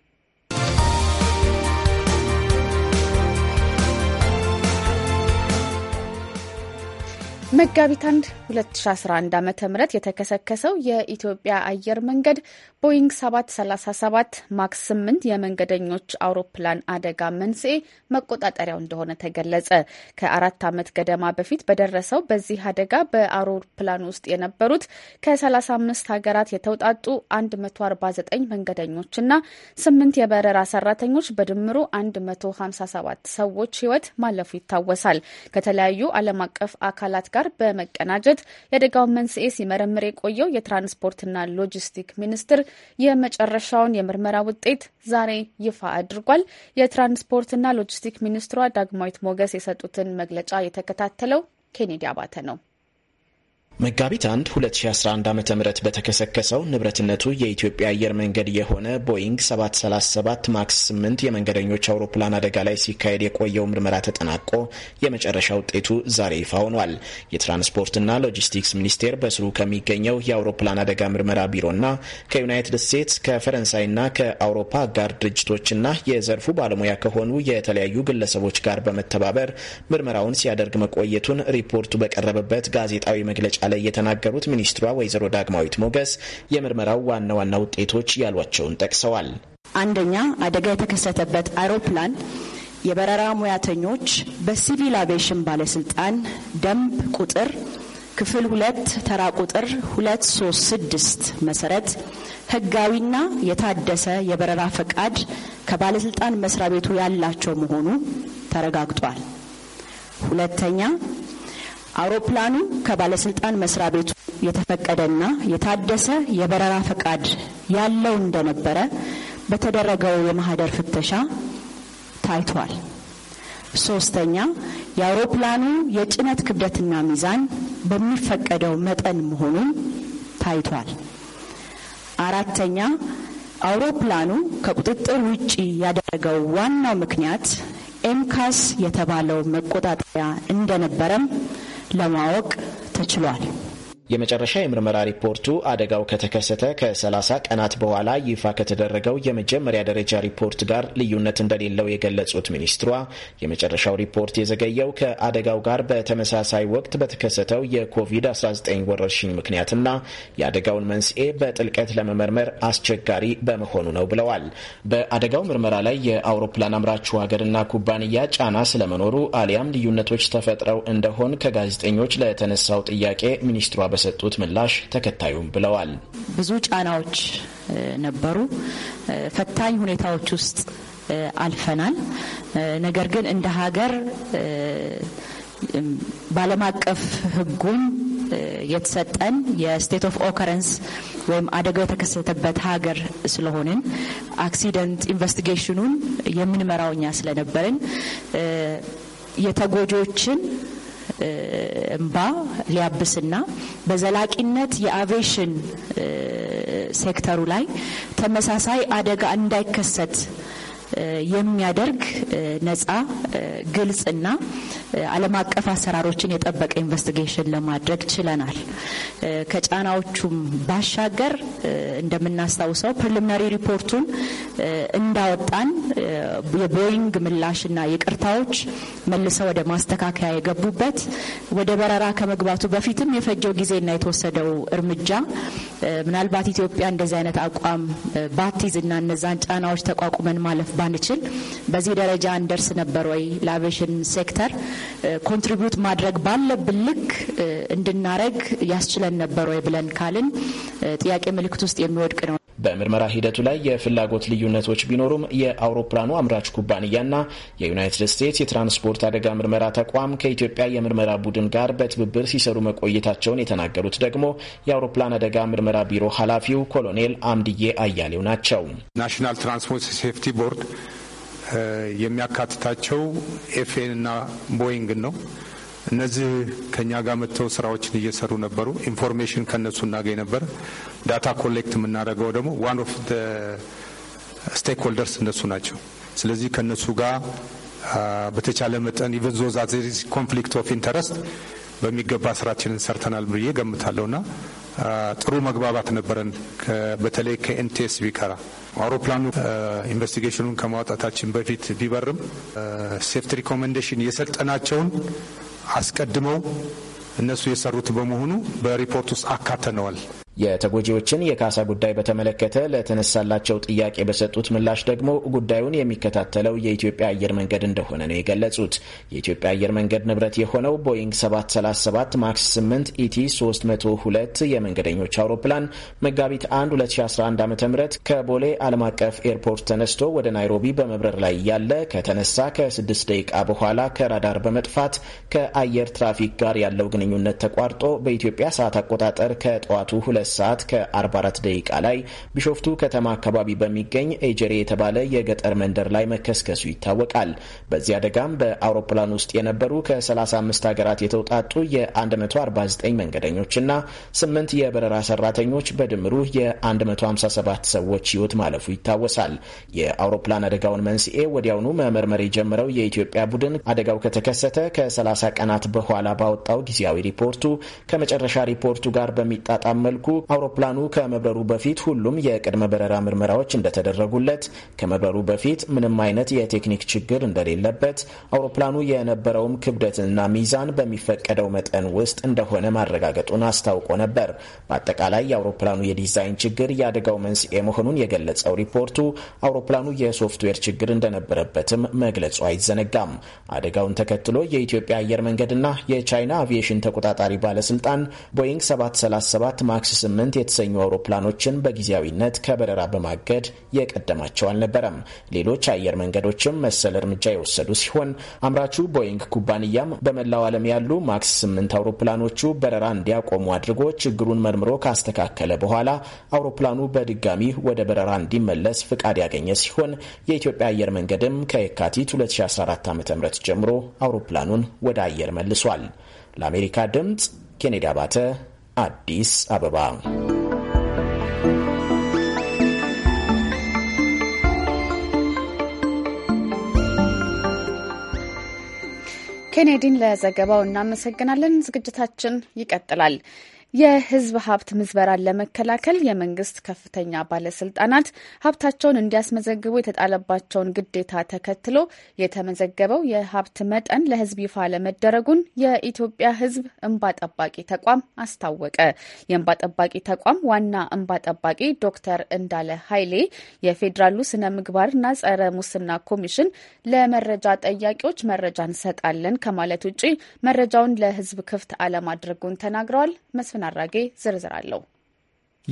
መጋቢት 1 2011 ዓ ም የተከሰከሰው የኢትዮጵያ አየር መንገድ ቦይንግ 737 ማክስ 8 የመንገደኞች አውሮፕላን አደጋ መንስኤ መቆጣጠሪያው እንደሆነ ተገለጸ። ከአራት ዓመት ገደማ በፊት በደረሰው በዚህ አደጋ በአውሮፕላን ውስጥ የነበሩት ከ35 ሀገራት የተውጣጡ 149 መንገደኞችና 8 የበረራ ሰራተኞች በድምሩ 157 ሰዎች ህይወት ማለፉ ይታወሳል። ከተለያዩ ዓለም አቀፍ አካላት ጋር ጋር በመቀናጀት የአደጋውን መንስኤ ሲመረምር የቆየው የትራንስፖርትና ሎጂስቲክ ሚኒስቴር የመጨረሻውን የምርመራ ውጤት ዛሬ ይፋ አድርጓል። የትራንስፖርትና ሎጂስቲክ ሚኒስትሯ ዳግማዊት ሞገስ የሰጡትን መግለጫ የተከታተለው ኬኔዲ አባተ ነው። መጋቢት 1 2011 ዓ ም በተከሰከሰው ንብረትነቱ የኢትዮጵያ አየር መንገድ የሆነ ቦይንግ 737 ማክስ 8 የመንገደኞች አውሮፕላን አደጋ ላይ ሲካሄድ የቆየው ምርመራ ተጠናቆ የመጨረሻ ውጤቱ ዛሬ ይፋ ሆኗል። የትራንስፖርትና ሎጂስቲክስ ሚኒስቴር በስሩ ከሚገኘው የአውሮፕላን አደጋ ምርመራ ቢሮና ከዩናይትድ ስቴትስ ከፈረንሳይና ከአውሮፓ አጋር ድርጅቶችና የዘርፉ ባለሙያ ከሆኑ የተለያዩ ግለሰቦች ጋር በመተባበር ምርመራውን ሲያደርግ መቆየቱን ሪፖርቱ በቀረበበት ጋዜጣዊ መግለጫ ላይ የተናገሩት ሚኒስትሯ ወይዘሮ ዳግማዊት ሞገስ የምርመራው ዋና ዋና ውጤቶች ያሏቸውን ጠቅሰዋል። አንደኛ አደጋ የተከሰተበት አውሮፕላን የበረራ ሙያተኞች በሲቪል አቬሽን ባለስልጣን ደንብ ቁጥር ክፍል ሁለት ተራ ቁጥር ሁለት ሶስት ስድስት መሰረት ህጋዊና የታደሰ የበረራ ፈቃድ ከባለስልጣን መስሪያ ቤቱ ያላቸው መሆኑ ተረጋግጧል። ሁለተኛ አውሮፕላኑ ከባለስልጣን መስሪያ ቤቱ የተፈቀደና የታደሰ የበረራ ፈቃድ ያለው እንደነበረ በተደረገው የማህደር ፍተሻ ታይቷል። ሶስተኛ የአውሮፕላኑ የጭነት ክብደትና ሚዛን በሚፈቀደው መጠን መሆኑን ታይቷል። አራተኛ አውሮፕላኑ ከቁጥጥር ውጪ ያደረገው ዋናው ምክንያት ኤምካስ የተባለው መቆጣጠሪያ እንደነበረም ለማወቅ ተችሏል። የመጨረሻ የምርመራ ሪፖርቱ አደጋው ከተከሰተ ከ30 ቀናት በኋላ ይፋ ከተደረገው የመጀመሪያ ደረጃ ሪፖርት ጋር ልዩነት እንደሌለው የገለጹት ሚኒስትሯ የመጨረሻው ሪፖርት የዘገየው ከአደጋው ጋር በተመሳሳይ ወቅት በተከሰተው የኮቪድ-19 ወረርሽኝ ምክንያትና የአደጋውን መንስኤ በጥልቀት ለመመርመር አስቸጋሪ በመሆኑ ነው ብለዋል። በአደጋው ምርመራ ላይ የአውሮፕላን አምራቹ ሀገርና ኩባንያ ጫና ስለመኖሩ አሊያም ልዩነቶች ተፈጥረው እንደሆን ከጋዜጠኞች ለተነሳው ጥያቄ ሚኒስትሯ በሰጡት ምላሽ ተከታዩም ብለዋል። ብዙ ጫናዎች ነበሩ። ፈታኝ ሁኔታዎች ውስጥ አልፈናል። ነገር ግን እንደ ሀገር በዓለም አቀፍ ሕጉን የተሰጠን የስቴት ኦፍ ኦከረንስ ወይም አደጋው የተከሰተበት ሀገር ስለሆንን አክሲደንት ኢንቨስቲጌሽኑን የምንመራው እኛ ስለነበርን የተጎጂዎችን እንባ ሊያብስና በዘላቂነት የአቬሽን ሴክተሩ ላይ ተመሳሳይ አደጋ እንዳይከሰት የሚያደርግ ነጻ፣ ግልጽና ዓለም አቀፍ አሰራሮችን የጠበቀ ኢንቨስቲጌሽን ለማድረግ ችለናል። ከጫናዎቹም ባሻገር እንደምናስታውሰው ፕሪሊሚናሪ ሪፖርቱን እንዳወጣን የቦይንግ ምላሽና ይቅርታዎች መልሰው ወደ ማስተካከያ የገቡበት ወደ በረራ ከመግባቱ በፊትም የፈጀው ጊዜና የተወሰደው እርምጃ ምናልባት ኢትዮጵያ እንደዚህ አይነት አቋም ባቲዝና እነዛን ጫናዎች ተቋቁመን ማለፍ ባንችል በዚህ ደረጃ እንደርስ ነበር ወይ? ለአቪዬሽን ሴክተር ኮንትሪቢዩት ማድረግ ባለብን ልክ እንድናረግ ያስችለን ነበር ወይ ብለን ካልን ጥያቄ ምልክት ውስጥ የሚወድቅ ነው። በምርመራ ሂደቱ ላይ የፍላጎት ልዩነቶች ቢኖሩም የአውሮፕላኑ አምራች ኩባንያና የዩናይትድ ስቴትስ የትራንስፖርት አደጋ ምርመራ ተቋም ከኢትዮጵያ የምርመራ ቡድን ጋር በትብብር ሲሰሩ መቆየታቸውን የተናገሩት ደግሞ የአውሮፕላን አደጋ ምርመራ ቢሮ ኃላፊው ኮሎኔል አምድዬ አያሌው ናቸው። ናሽናል ትራንስፖርት ሴፍቲ ቦርድ የሚያካትታቸው ኤፍኤን እና ቦይንግን ነው። እነዚህ ከኛ ጋር መጥተው ስራዎችን እየሰሩ ነበሩ። ኢንፎርሜሽን ከነሱ እናገኝ ነበር። ዳታ ኮሌክት የምናደርገው ደግሞ ዋን ኦፍ ስቴክ ሆልደርስ እነሱ ናቸው። ስለዚህ ከእነሱ ጋር በተቻለ መጠን ኢቨን ኮንፍሊክት ኦፍ ኢንተረስት በሚገባ ስራችንን ሰርተናል ብዬ ገምታለሁ። ና ጥሩ መግባባት ነበረን። በተለይ ከኤንቲኤስቢ ጋር አውሮፕላኑ ኢንቨስቲጌሽኑን ከማውጣታችን በፊት ቢበርም ሴፍቲ ሪኮመንዴሽን የሰጠናቸውን አስቀድመው እነሱ የሰሩት በመሆኑ በሪፖርት ውስጥ አካተነዋል። የተጎጂዎችን የካሳ ጉዳይ በተመለከተ ለተነሳላቸው ጥያቄ በሰጡት ምላሽ ደግሞ ጉዳዩን የሚከታተለው የኢትዮጵያ አየር መንገድ እንደሆነ ነው የገለጹት። የኢትዮጵያ አየር መንገድ ንብረት የሆነው ቦይንግ 737 ማክስ 8 ኢቲ 302 የመንገደኞች አውሮፕላን መጋቢት 1 2011 ዓ.ም ከቦሌ ዓለም አቀፍ ኤርፖርት ተነስቶ ወደ ናይሮቢ በመብረር ላይ ያለ ከተነሳ ከ6 ደቂቃ በኋላ ከራዳር በመጥፋት ከአየር ትራፊክ ጋር ያለው ግንኙነት ተቋርጦ በኢትዮጵያ ሰዓት አቆጣጠር ከጠዋቱ ሁለት ሰዓት ከ44 ደቂቃ ላይ ቢሾፍቱ ከተማ አካባቢ በሚገኝ ኤጀሬ የተባለ የገጠር መንደር ላይ መከስከሱ ይታወቃል። በዚህ አደጋም በአውሮፕላን ውስጥ የነበሩ ከ35 ሀገራት የተውጣጡ የ149 መንገደኞችና 8 የበረራ ሰራተኞች በድምሩ የ157 ሰዎች ህይወት ማለፉ ይታወሳል። የአውሮፕላን አደጋውን መንስኤ ወዲያውኑ መመርመር የጀመረው የኢትዮጵያ ቡድን አደጋው ከተከሰተ ከ30 ቀናት በኋላ ባወጣው ጊዜያዊ ሪፖርቱ ከመጨረሻ ሪፖርቱ ጋር በሚጣጣም መልኩ አውሮፕላኑ ከመብረሩ በፊት ሁሉም የቅድመ በረራ ምርመራዎች እንደተደረጉለት፣ ከመብረሩ በፊት ምንም አይነት የቴክኒክ ችግር እንደሌለበት፣ አውሮፕላኑ የነበረውም ክብደትና ሚዛን በሚፈቀደው መጠን ውስጥ እንደሆነ ማረጋገጡን አስታውቆ ነበር። በአጠቃላይ የአውሮፕላኑ የዲዛይን ችግር የአደጋው መንስኤ መሆኑን የገለጸው ሪፖርቱ አውሮፕላኑ የሶፍትዌር ችግር እንደነበረበትም መግለጹ አይዘነጋም። አደጋውን ተከትሎ የኢትዮጵያ አየር መንገድና የቻይና አቪዬሽን ተቆጣጣሪ ባለስልጣን ቦይንግ 737 ማክስ ስምንት የተሰኙ አውሮፕላኖችን በጊዜያዊነት ከበረራ በማገድ የቀደማቸው አልነበረም። ሌሎች አየር መንገዶችም መሰል እርምጃ የወሰዱ ሲሆን አምራቹ ቦይንግ ኩባንያም በመላው ዓለም ያሉ ማክስ ስምንት አውሮፕላኖቹ በረራ እንዲያቆሙ አድርጎ ችግሩን መርምሮ ካስተካከለ በኋላ አውሮፕላኑ በድጋሚ ወደ በረራ እንዲመለስ ፍቃድ ያገኘ ሲሆን የኢትዮጵያ አየር መንገድም ከየካቲት 2014 ዓ ም ጀምሮ አውሮፕላኑን ወደ አየር መልሷል። ለአሜሪካ ድምፅ ኬኔዲ አባተ አዲስ አበባ። ኬኔዲን ለዘገባው እናመሰግናለን። ዝግጅታችን ይቀጥላል። የህዝብ ሀብት ምዝበራን ለመከላከል የመንግስት ከፍተኛ ባለስልጣናት ሀብታቸውን እንዲያስመዘግቡ የተጣለባቸውን ግዴታ ተከትሎ የተመዘገበው የሀብት መጠን ለህዝብ ይፋ ለመደረጉን የኢትዮጵያ ህዝብ እንባ ጠባቂ ተቋም አስታወቀ። የእንባ ጠባቂ ተቋም ዋና እንባ ጠባቂ ዶክተር እንዳለ ኃይሌ የፌዴራሉ ስነ ምግባርና ጸረ ሙስና ኮሚሽን ለመረጃ ጠያቂዎች መረጃ እንሰጣለን ከማለት ውጪ መረጃውን ለህዝብ ክፍት አለማድረጉን ተናግረዋል። መስፍን መስፍን አራጌ ዝርዝር አለው።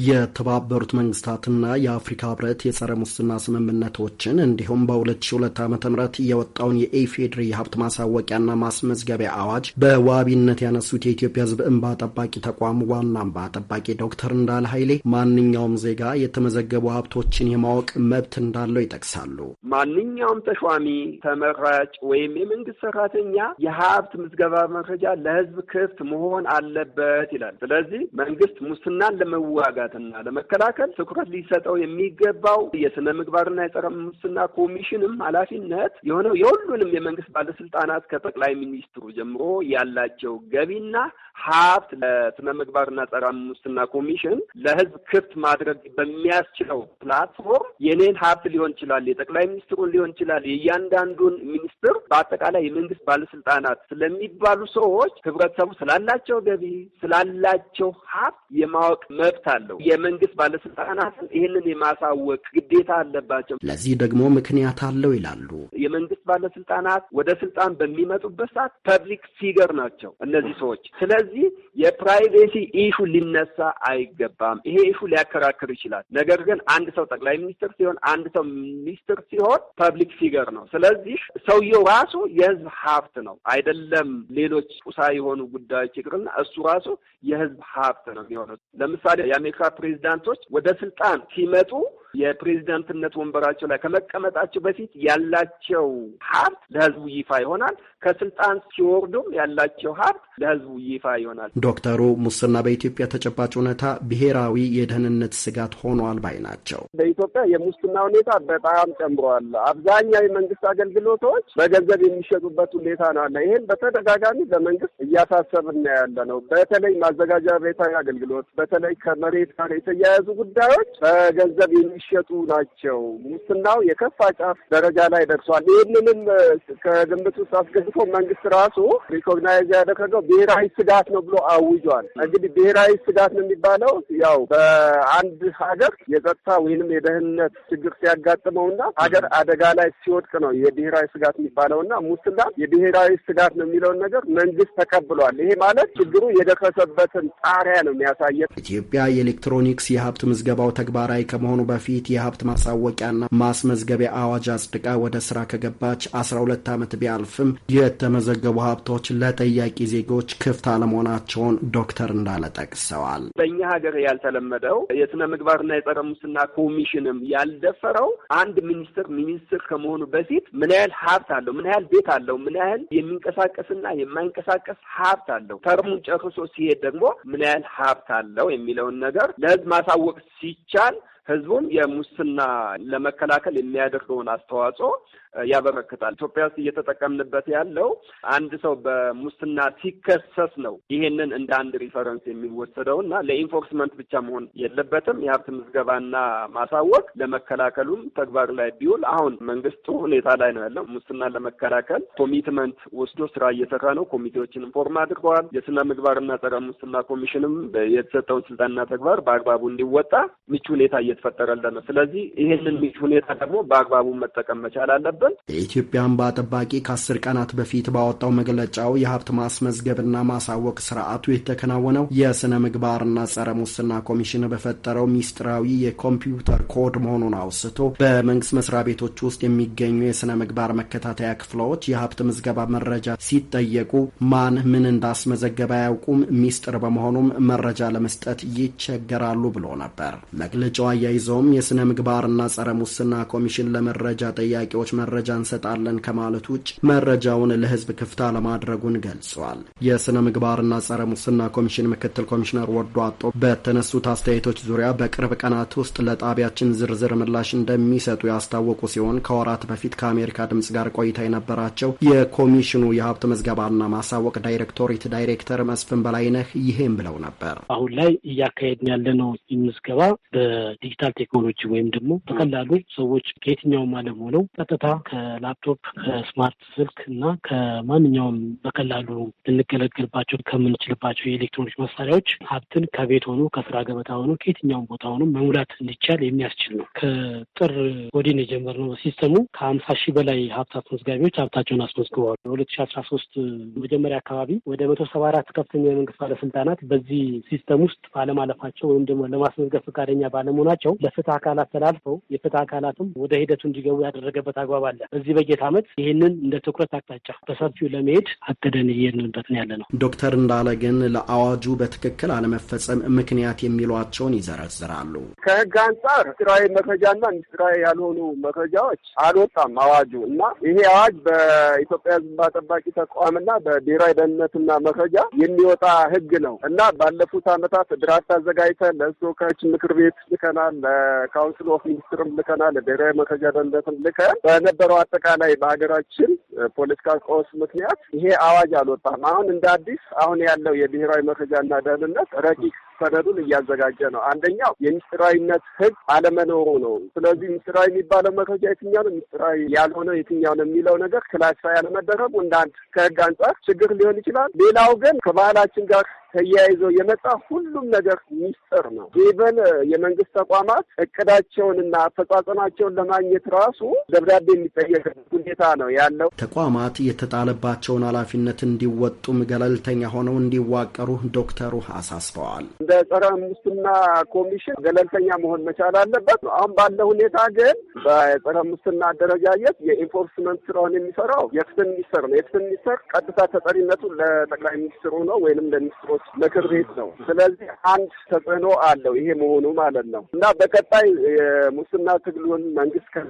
የተባበሩት መንግስታትና የአፍሪካ ህብረት የጸረ ሙስና ስምምነቶችን እንዲሁም በ2002 ዓ ም የወጣውን የኢፌዴሪ የሀብት ማሳወቂያና ማስመዝገቢያ አዋጅ በዋቢነት ያነሱት የኢትዮጵያ ህዝብ እንባ ጠባቂ ተቋም ዋና እንባ ጠባቂ ዶክተር እንዳለ ኃይሌ ማንኛውም ዜጋ የተመዘገቡ ሀብቶችን የማወቅ መብት እንዳለው ይጠቅሳሉ። ማንኛውም ተሿሚ፣ ተመራጭ ወይም የመንግስት ሰራተኛ የሀብት ምዝገባ መረጃ ለህዝብ ክፍት መሆን አለበት ይላል። ስለዚህ መንግስት ሙስናን ለመዋጋ ለመረዳትና ለመከላከል ትኩረት ሊሰጠው የሚገባው የስነ ምግባርና የጸረ ሙስና ኮሚሽንም ኃላፊነት የሆነው የሁሉንም የመንግስት ባለስልጣናት ከጠቅላይ ሚኒስትሩ ጀምሮ ያላቸው ገቢና ሀብት ለስነ ምግባርና ጸረ ሙስና ኮሚሽን ለህዝብ ክፍት ማድረግ በሚያስችለው ፕላትፎርም የኔን ሀብት ሊሆን ይችላል፣ የጠቅላይ ሚኒስትሩን ሊሆን ይችላል፣ የእያንዳንዱን ሚኒስትር በአጠቃላይ የመንግስት ባለስልጣናት ስለሚባሉ ሰዎች ህብረተሰቡ ስላላቸው ገቢ ስላላቸው ሀብት የማወቅ መብት አለው። የመንግስት ባለስልጣናትን ይህንን የማሳወቅ ግዴታ አለባቸው። ለዚህ ደግሞ ምክንያት አለው ይላሉ። የመንግስት ባለስልጣናት ወደ ስልጣን በሚመጡበት ሰዓት ፐብሊክ ፊገር ናቸው እነዚህ ሰዎች። ስለዚህ የፕራይቬሲ ኢሹ ሊነሳ አይገባም። ይሄ ኢሹ ሊያከራክር ይችላል። ነገር ግን አንድ ሰው ጠቅላይ ሚኒስትር ሲሆን፣ አንድ ሰው ሚኒስትር ሲሆን ፐብሊክ ፊገር ነው። ስለዚህ ሰውየው ራሱ የህዝብ ሀብት ነው አይደለም። ሌሎች ቁሳ የሆኑ ጉዳዮች ይቅርና እሱ ራሱ የህዝብ ሀብት ነው የሚሆነው። ለምሳሌ የአሜሪካ ፕሬዚዳንቶች ወደ ስልጣን ሲመጡ የፕሬዚዳንትነት ወንበራቸው ላይ ከመቀመጣቸው በፊት ያላቸው ሀብት ለህዝቡ ይፋ ይሆናል። ከስልጣን ሲወርዱም ያላቸው ሀብት ለህዝቡ ይፋ ይሆናል። ዶክተሩ ሙስና በኢትዮጵያ ተጨባጭ ሁኔታ ብሔራዊ የደህንነት ስጋት ሆኗል ባይ ናቸው። በኢትዮጵያ የሙስና ሁኔታ በጣም ጨምሯል። አብዛኛው የመንግስት አገልግሎቶች በገንዘብ የሚሸጡበት ሁኔታ ነው አለ። ይህን በተደጋጋሚ በመንግስት እያሳሰብና ያለ ነው። በተለይ ማዘጋጃ ቤታዊ አገልግሎት፣ በተለይ ከመሬት ጋር የተያያዙ ጉዳዮች በገንዘብ የሚ የሚሸጡ ናቸው። ሙስናው የከፋ ጫፍ ደረጃ ላይ ደርሷል። ይህንንም ከግምት ውስጥ አስገብቶ መንግስት ራሱ ሪኮግናይዝ ያደረገው ብሔራዊ ስጋት ነው ብሎ አውጇል። እንግዲህ ብሔራዊ ስጋት ነው የሚባለው ያው በአንድ ሀገር የጸጥታ ወይንም የደህንነት ችግር ሲያጋጥመውና ሀገር አደጋ ላይ ሲወድቅ ነው የብሔራዊ ስጋት የሚባለውና ሙስና የብሔራዊ ስጋት ነው የሚለውን ነገር መንግስት ተቀብሏል። ይሄ ማለት ችግሩ የደረሰበትን ጣሪያ ነው የሚያሳየው። ኢትዮጵያ የኤሌክትሮኒክስ የሀብት ምዝገባው ተግባራዊ ከመሆኑ በፊት በፊት የሀብት ማሳወቂያና ማስመዝገቢያ አዋጅ አጽድቃ ወደ ስራ ከገባች 12 ዓመት ቢያልፍም የተመዘገቡ ሀብቶች ለጠያቂ ዜጎች ክፍት አለመሆናቸውን ዶክተር እንዳለ ጠቅሰዋል። በእኛ ሀገር ያልተለመደው የስነ ምግባርና የጸረ ሙስና ኮሚሽንም ያልደፈረው አንድ ሚኒስትር ሚኒስትር ከመሆኑ በፊት ምን ያህል ሀብት አለው፣ ምን ያህል ቤት አለው፣ ምን ያህል የሚንቀሳቀስና የማይንቀሳቀስ ሀብት አለው፣ ተርሙን ጨርሶ ሲሄድ ደግሞ ምን ያህል ሀብት አለው የሚለውን ነገር ለህዝብ ማሳወቅ ሲቻል ህዝቡም የሙስና ለመከላከል የሚያደርገውን አስተዋጽኦ ያበረክታል። ኢትዮጵያ ውስጥ እየተጠቀምንበት ያለው አንድ ሰው በሙስና ሲከሰስ ነው ይሄንን እንደ አንድ ሪፈረንስ የሚወሰደው እና ለኢንፎርስመንት ብቻ መሆን የለበትም። የሀብት ምዝገባና ማሳወቅ ለመከላከሉም ተግባር ላይ ቢውል አሁን መንግስቱ ሁኔታ ላይ ነው ያለው። ሙስናን ለመከላከል ኮሚትመንት ወስዶ ስራ እየሰራ ነው። ኮሚቴዎችን ፎርም አድርገዋል። የስነ ምግባርና ጸረ ሙስና ኮሚሽንም የተሰጠውን ስልጣንና ተግባር በአግባቡ እንዲወጣ ምቹ ሁኔታ እየተፈጠረለ ነው። ስለዚህ ይህንን ምቹ ሁኔታ ደግሞ በአግባቡ መጠቀም መቻል አለበት። አለብን። የኢትዮጵያ እንባ ጠባቂ ከአስር ቀናት በፊት ባወጣው መግለጫው የሀብት ማስመዝገብና ማሳወቅ ስርዓቱ የተከናወነው የስነ ምግባርና ጸረ ሙስና ኮሚሽን በፈጠረው ሚስጥራዊ የኮምፒውተር ኮድ መሆኑን አውስቶ በመንግስት መስሪያ ቤቶች ውስጥ የሚገኙ የስነ ምግባር መከታተያ ክፍሎች የሀብት ምዝገባ መረጃ ሲጠየቁ ማን ምን እንዳስመዘገበ አያውቁም፣ ሚስጥር በመሆኑም መረጃ ለመስጠት ይቸገራሉ ብሎ ነበር። መግለጫው አያይዘውም የስነ ምግባርና ጸረ ሙስና ኮሚሽን ለመረጃ ጠያቂዎች መረጃ እንሰጣለን ከማለት ውጭ መረጃውን ለህዝብ ክፍታ ለማድረጉን ገልጿል። የስነ ምግባርና ጸረ ሙስና ኮሚሽን ምክትል ኮሚሽነር ወርዶ አጦ በተነሱት አስተያየቶች ዙሪያ በቅርብ ቀናት ውስጥ ለጣቢያችን ዝርዝር ምላሽ እንደሚሰጡ ያስታወቁ ሲሆን ከወራት በፊት ከአሜሪካ ድምጽ ጋር ቆይታ የነበራቸው የኮሚሽኑ የሀብት መዝገባና ማሳወቅ ዳይሬክቶሬት ዳይሬክተር መስፍን በላይነህ ይህም ብለው ነበር። አሁን ላይ እያካሄድን ያለነው ምዝገባ በዲጂታል ቴክኖሎጂ ወይም ደግሞ በቀላሉ ሰዎች ከየትኛውም ዓለም ሆነው ቀጥታ ከላፕቶፕ ከስማርት ስልክ እና ከማንኛውም በቀላሉ ልንገለገልባቸው ከምንችልባቸው የኤሌክትሮኒክስ መሳሪያዎች ሀብትን ከቤት ሆኖ ከስራ ገበታ ሆኖ ከየትኛውም ቦታ ሆኖ መሙላት እንዲቻል የሚያስችል ነው። ከጥር ወዲን የጀመርነው ሲስተሙ ከሀምሳ ሺህ በላይ ሀብት አስመዝጋቢዎች ሀብታቸውን አስመዝግበዋል። በሁለት ሺ አስራ ሶስት መጀመሪያ አካባቢ ወደ መቶ ሰባ አራት ከፍተኛ የመንግስት ባለስልጣናት በዚህ ሲስተም ውስጥ ባለማለፋቸው ወይም ደግሞ ለማስመዝገብ ፈቃደኛ ባለመሆናቸው ለፍትህ አካላት ተላልፈው የፍትህ አካላትም ወደ ሂደቱ እንዲገቡ ያደረገበት አግባብ እናስባለን። በዚህ በጀት ዓመት ይህንን እንደ ትኩረት አቅጣጫ በሰፊው ለመሄድ አቅደን እየሄድንበት ነው ያለ ነው። ዶክተር እንዳለ ግን ለአዋጁ በትክክል አለመፈጸም ምክንያት የሚሏቸውን ይዘረዝራሉ። ከህግ አንጻር ምስጢራዊ መረጃና ምስጢራዊ ያልሆኑ መረጃዎች አልወጣም አዋጁ እና ይሄ አዋጅ በኢትዮጵያ ሕዝብ ጠባቂ ተቋምና በብሔራዊ ደህንነትና መረጃ የሚወጣ ህግ ነው እና ባለፉት ዓመታት ድራፍት አዘጋጅተን ለሕዝብ ምክር ቤት ልከናል፣ ለካውንስል ኦፍ ሚኒስትርም ልከናል፣ ለብሔራዊ መረጃ ደህንነትም ልከን በነበረው አጠቃላይ በሀገራችን ፖለቲካ ቀውስ ምክንያት ይሄ አዋጅ አልወጣም። አሁን እንደ አዲስ አሁን ያለው የብሔራዊ መረጃና ደህንነት ረቂቅ ሰነዱን እያዘጋጀ ነው። አንደኛው የምስጢራዊነት ህግ አለመኖሩ ነው። ስለዚህ ምስጢራዊ የሚባለው መረጃ የትኛው ነው፣ ምስጢራዊ ያልሆነ የትኛው ነው የሚለው ነገር ክላሲፋይ ያለመደረጉ እንደ አንድ አንጻር ችግር ሊሆን ይችላል። ሌላው ግን ከባህላችን ጋር ተያይዞ የመጣ ሁሉም ነገር ሚስጥር ነው። ኢቨን የመንግስት ተቋማት እቅዳቸውንና አፈጻጸማቸውን ለማግኘት ራሱ ደብዳቤ የሚጠየቅበት ሁኔታ ነው ያለው። ተቋማት የተጣለባቸውን ኃላፊነት እንዲወጡም ገለልተኛ ሆነው እንዲዋቀሩ ዶክተሩ አሳስበዋል። እንደ ጸረ ሙስና ኮሚሽን ገለልተኛ መሆን መቻል አለበት። አሁን ባለ ሁኔታ ግን በጸረ ሙስና አደረጃጀት የኢንፎርስመንት ስራውን የሚሰራው የፍትህ ሚኒስቴር ነው። የፍትህ ሚኒስቴር ቀጥታ ተጠሪነቱ ለጠቅላይ ሚኒስትሩ ነው ወይንም ለሚኒስትሮች ምክር ቤት ነው። ስለዚህ አንድ ተጽዕኖ አለው ይሄ መሆኑ ማለት ነው እና በቀጣይ የሙስና ትግሉን መንግስት ከ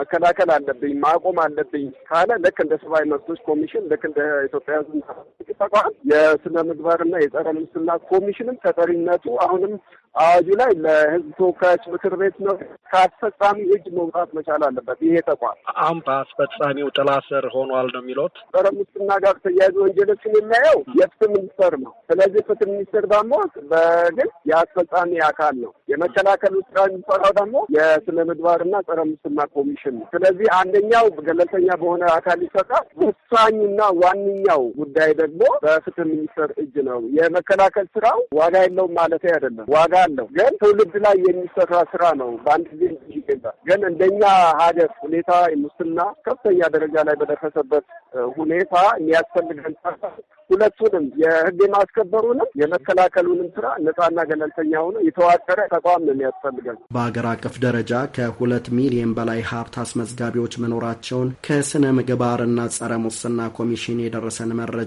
መከላከል አለብኝ ማቆም አለብኝ ካለ ልክ እንደ ሰብአዊ መብቶች ኮሚሽን ልክ እንደ ኢትዮጵያ ሕዝብ ተቋም የስነ ምግባርና የጸረ ሙስና ኮሚሽንም ተጠሪነቱ አሁንም አዋጁ ላይ ለህዝብ ተወካዮች ምክር ቤት ነው። ከአስፈጻሚ እጅ መውጣት መቻል አለበት። ይሄ ተቋም አሁን በአስፈጻሚው ጥላ ስር ሆኗል ነው የሚሉት። ጸረ ሙስና ጋር ተያያዙ ወንጀሎችን የሚያየው የፍትህ ሚኒስቴር ነው። ስለዚህ ፍትህ ሚኒስትር ደግሞ በግል የአስፈጻሚ አካል ነው። የመከላከል ስራ የሚሰራው ደግሞ የስነ ምግባርና ጸረ ሙስና ኮሚሽን ነው። ስለዚህ አንደኛው ገለልተኛ በሆነ አካል ይሰጣል። ወሳኙና ዋነኛው ጉዳይ ደግሞ በፍትህ ሚኒስትር እጅ ነው። የመከላከል ስራው ዋጋ የለውም ማለት አይደለም፣ ዋጋ አለው። ግን ትውልድ ላይ የሚሰራ ስራ ነው። በአንድ ጊዜ ይገዛል። ግን እንደኛ ሀገር ሁኔታ ሙስና ከፍተኛ ደረጃ ላይ በደረሰበት ሁኔታ የሚያስፈልገን ሁለቱንም የህግ የማስከበሩንም የመከላከሉንም ስራ ነጻና ገለልተኛ ሆኖ የተዋቀረ ተቋም ነው የሚያስፈልገን። በሀገር አቀፍ ደረጃ ከሁለት ሚሊዮን በላይ ሀብት አስመዝጋቢዎች መኖራቸውን ከስነ ምግባርና ጸረ ሙስና ኮሚሽን የደረሰን መረጃ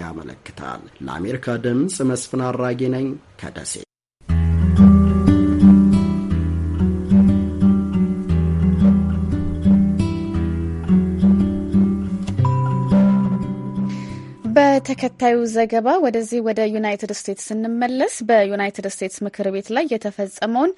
ያመለክታል። ለአሜሪካ ድምፅ መስፍን አራጌ ነኝ ከደሴ። በተከታዩ ዘገባ ወደዚህ ወደ ዩናይትድ ስቴትስ ስንመለስ በዩናይትድ ስቴትስ ምክር ቤት ላይ የተፈጸመውን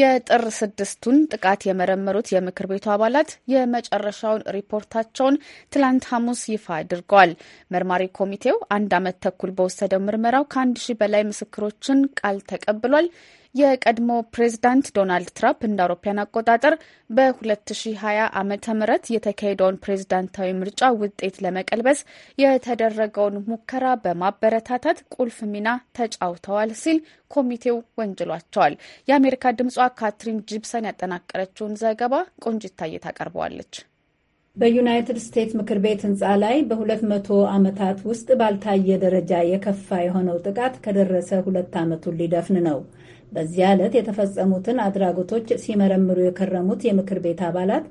የጥር ስድስቱን ጥቃት የመረመሩት የምክር ቤቱ አባላት የመጨረሻውን ሪፖርታቸውን ትላንት ሐሙስ ይፋ አድርገዋል። መርማሪ ኮሚቴው አንድ ዓመት ተኩል በወሰደው ምርመራው ከአንድ ሺህ በላይ ምስክሮችን ቃል ተቀብሏል። የቀድሞ ፕሬዚዳንት ዶናልድ ትራምፕ እንደ አውሮፓውያን አቆጣጠር በ2020 ዓ ም የተካሄደውን ፕሬዚዳንታዊ ምርጫ ውጤት ለመቀልበስ የተደረገውን ሙከራ በማበረታታት ቁልፍ ሚና ተጫውተዋል ሲል ኮሚቴው ወንጅሏቸዋል። የአሜሪካ ድምጿ ካትሪን ጂፕሰን ያጠናቀረችውን ዘገባ ቆንጅታዬ ታቀርበዋለች። በዩናይትድ ስቴትስ ምክር ቤት ህንፃ ላይ በሁለት መቶ ዓመታት ውስጥ ባልታየ ደረጃ የከፋ የሆነው ጥቃት ከደረሰ ሁለት ዓመቱን ሊደፍን ነው። በዚያ ዕለት የተፈጸሙትን አድራጎቶች ሲመረምሩ የከረሙት የምክር ቤት አባላት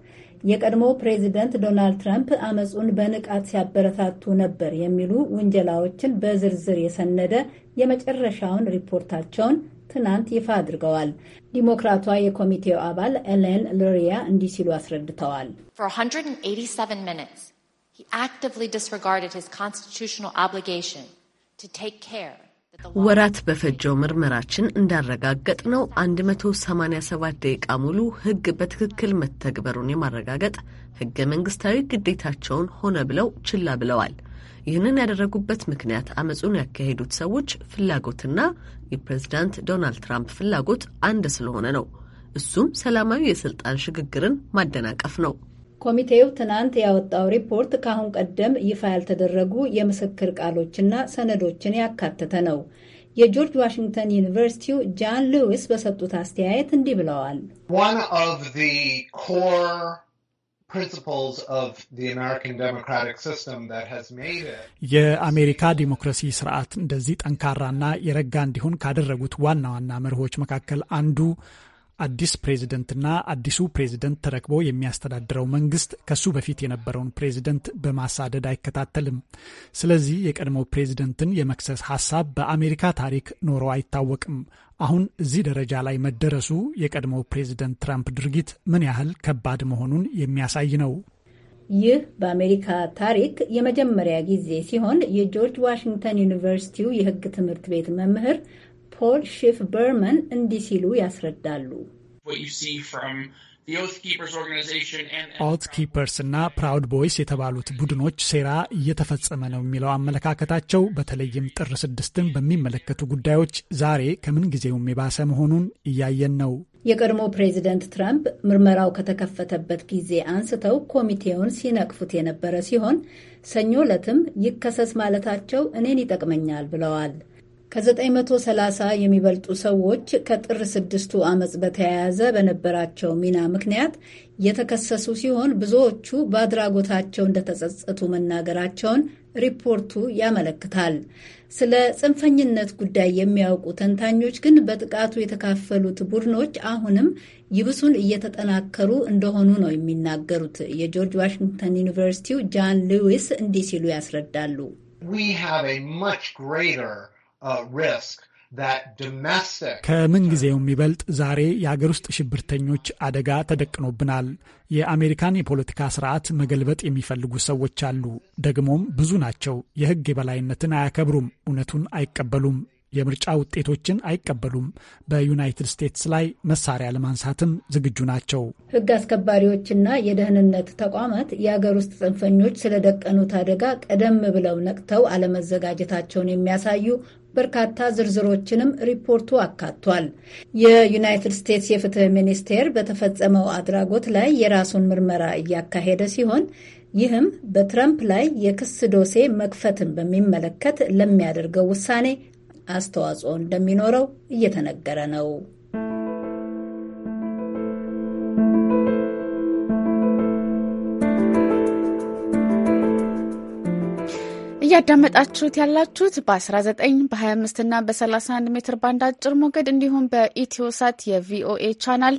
የቀድሞ ፕሬዚደንት ዶናልድ ትራምፕ አመፁን በንቃት ሲያበረታቱ ነበር የሚሉ ውንጀላዎችን በዝርዝር የሰነደ የመጨረሻውን ሪፖርታቸውን ትናንት ይፋ አድርገዋል። ዲሞክራቷ የኮሚቴው አባል ኤሌን ሎሪያ እንዲህ ሲሉ አስረድተዋል። He actively disregarded his constitutional ወራት በፈጀው ምርመራችን እንዳረጋገጥ ነው 187 ደቂቃ ሙሉ ህግ በትክክል መተግበሩን የማረጋገጥ ህገ መንግስታዊ ግዴታቸውን ሆነ ብለው ችላ ብለዋል። ይህንን ያደረጉበት ምክንያት አመፁን ያካሄዱት ሰዎች ፍላጎትና የፕሬዝዳንት ዶናልድ ትራምፕ ፍላጎት አንድ ስለሆነ ነው። እሱም ሰላማዊ የስልጣን ሽግግርን ማደናቀፍ ነው። ኮሚቴው ትናንት ያወጣው ሪፖርት ከአሁን ቀደም ይፋ ያልተደረጉ የምስክር ቃሎችና ሰነዶችን ያካተተ ነው። የጆርጅ ዋሽንግተን ዩኒቨርሲቲው ጃን ሉዊስ በሰጡት አስተያየት እንዲህ ብለዋል። የአሜሪካ ዲሞክራሲ ስርዓት እንደዚህ ጠንካራና የረጋ እንዲሆን ካደረጉት ዋና ዋና መርሆች መካከል አንዱ አዲስ ፕሬዝደንትና አዲሱ ፕሬዝደንት ተረክቦ የሚያስተዳድረው መንግስት ከሱ በፊት የነበረውን ፕሬዝደንት በማሳደድ አይከታተልም። ስለዚህ የቀድሞ ፕሬዝደንትን የመክሰስ ሀሳብ በአሜሪካ ታሪክ ኖሮ አይታወቅም። አሁን እዚህ ደረጃ ላይ መደረሱ የቀድሞ ፕሬዝደንት ትራምፕ ድርጊት ምን ያህል ከባድ መሆኑን የሚያሳይ ነው። ይህ በአሜሪካ ታሪክ የመጀመሪያ ጊዜ ሲሆን የጆርጅ ዋሽንግተን ዩኒቨርሲቲው የህግ ትምህርት ቤት መምህር ፖል ሺፍ በርመን እንዲህ ሲሉ ያስረዳሉ። ኦት ኪፐርስ እና ፕራውድ ቦይስ የተባሉት ቡድኖች ሴራ እየተፈጸመ ነው የሚለው አመለካከታቸው በተለይም ጥር ስድስትን በሚመለከቱ ጉዳዮች ዛሬ ከምን የባሰ መሆኑን እያየን ነው። የቀድሞ ፕሬዚደንት ትራምፕ ምርመራው ከተከፈተበት ጊዜ አንስተው ኮሚቴውን ሲነቅፉት የነበረ ሲሆን ሰኞ ዕለትም ይከሰስ ማለታቸው እኔን ይጠቅመኛል ብለዋል። ከ930 የሚበልጡ ሰዎች ከጥር ስድስቱ ዓመፅ በተያያዘ በነበራቸው ሚና ምክንያት የተከሰሱ ሲሆን ብዙዎቹ በአድራጎታቸው እንደተጸጸቱ መናገራቸውን ሪፖርቱ ያመለክታል። ስለ ጽንፈኝነት ጉዳይ የሚያውቁ ተንታኞች ግን በጥቃቱ የተካፈሉት ቡድኖች አሁንም ይብሱን እየተጠናከሩ እንደሆኑ ነው የሚናገሩት። የጆርጅ ዋሽንግተን ዩኒቨርሲቲው ጃን ሉዊስ እንዲህ ሲሉ ያስረዳሉ። ከምን ጊዜው የሚበልጥ ዛሬ የአገር ውስጥ ሽብርተኞች አደጋ ተደቅኖብናል። የአሜሪካን የፖለቲካ ስርዓት መገልበጥ የሚፈልጉ ሰዎች አሉ። ደግሞም ብዙ ናቸው። የህግ የበላይነትን አያከብሩም፣ እውነቱን አይቀበሉም። የምርጫ ውጤቶችን አይቀበሉም። በዩናይትድ ስቴትስ ላይ መሳሪያ ለማንሳትም ዝግጁ ናቸው። ሕግ አስከባሪዎችና የደህንነት ተቋማት የአገር ውስጥ ጽንፈኞች ስለደቀኑት አደጋ ቀደም ብለው ነቅተው አለመዘጋጀታቸውን የሚያሳዩ በርካታ ዝርዝሮችንም ሪፖርቱ አካቷል። የዩናይትድ ስቴትስ የፍትህ ሚኒስቴር በተፈጸመው አድራጎት ላይ የራሱን ምርመራ እያካሄደ ሲሆን ይህም በትረምፕ ላይ የክስ ዶሴ መክፈትን በሚመለከት ለሚያደርገው ውሳኔ አስተዋጽኦ እንደሚኖረው እየተነገረ ነው። እያዳመጣችሁት ያላችሁት በ19 በ25 እና በ31 ሜትር ባንድ አጭር ሞገድ እንዲሁም በኢትዮሳት የቪኦኤ ቻናል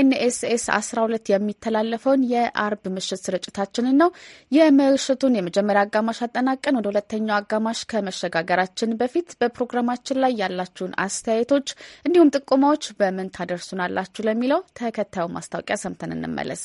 ኤንኤስኤስ 12 የሚተላለፈውን የአርብ ምሽት ስርጭታችንን ነው። የምሽቱን የመጀመሪያ አጋማሽ አጠናቀን ወደ ሁለተኛው አጋማሽ ከመሸጋገራችን በፊት በፕሮግራማችን ላይ ያላችሁን አስተያየቶች እንዲሁም ጥቆማዎች በምን ታደርሱናላችሁ ለሚለው ተከታዩ ማስታወቂያ ሰምተን እንመለስ።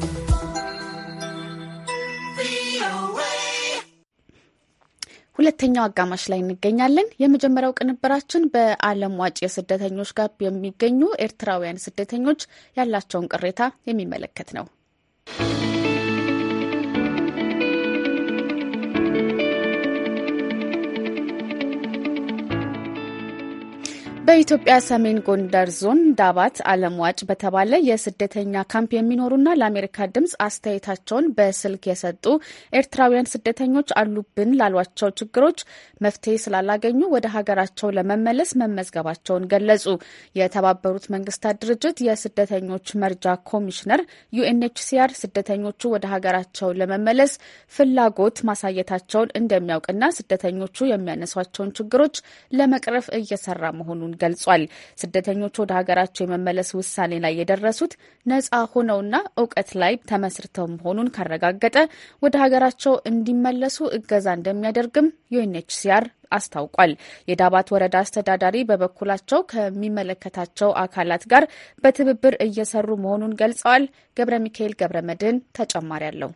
ሁለተኛው አጋማሽ ላይ እንገኛለን። የመጀመሪያው ቅንብራችን በዓለም ዋጭ የስደተኞች ጋር የሚገኙ ኤርትራውያን ስደተኞች ያላቸውን ቅሬታ የሚመለከት ነው። በኢትዮጵያ ሰሜን ጎንደር ዞን ዳባት አለምዋጭ በተባለ የስደተኛ ካምፕ የሚኖሩና ለአሜሪካ ድምፅ አስተያየታቸውን በስልክ የሰጡ ኤርትራውያን ስደተኞች አሉብን ላሏቸው ችግሮች መፍትሄ ስላላገኙ ወደ ሀገራቸው ለመመለስ መመዝገባቸውን ገለጹ። የተባበሩት መንግስታት ድርጅት የስደተኞች መርጃ ኮሚሽነር ዩኤንኤችሲአር ስደተኞቹ ወደ ሀገራቸው ለመመለስ ፍላጎት ማሳየታቸውን እንደሚያውቅና ስደተኞቹ የሚያነሷቸውን ችግሮች ለመቅረፍ እየሰራ መሆኑን ገልጿል። ስደተኞች ወደ ሀገራቸው የመመለስ ውሳኔ ላይ የደረሱት ነጻ ሆነውና እውቀት ላይ ተመስርተው መሆኑን ካረጋገጠ ወደ ሀገራቸው እንዲመለሱ እገዛ እንደሚያደርግም ዩኤንኤችሲአር አስታውቋል። የዳባት ወረዳ አስተዳዳሪ በበኩላቸው ከሚመለከታቸው አካላት ጋር በትብብር እየሰሩ መሆኑን ገልጸዋል። ገብረ ሚካኤል ገብረ መድህን ተጨማሪ አለው።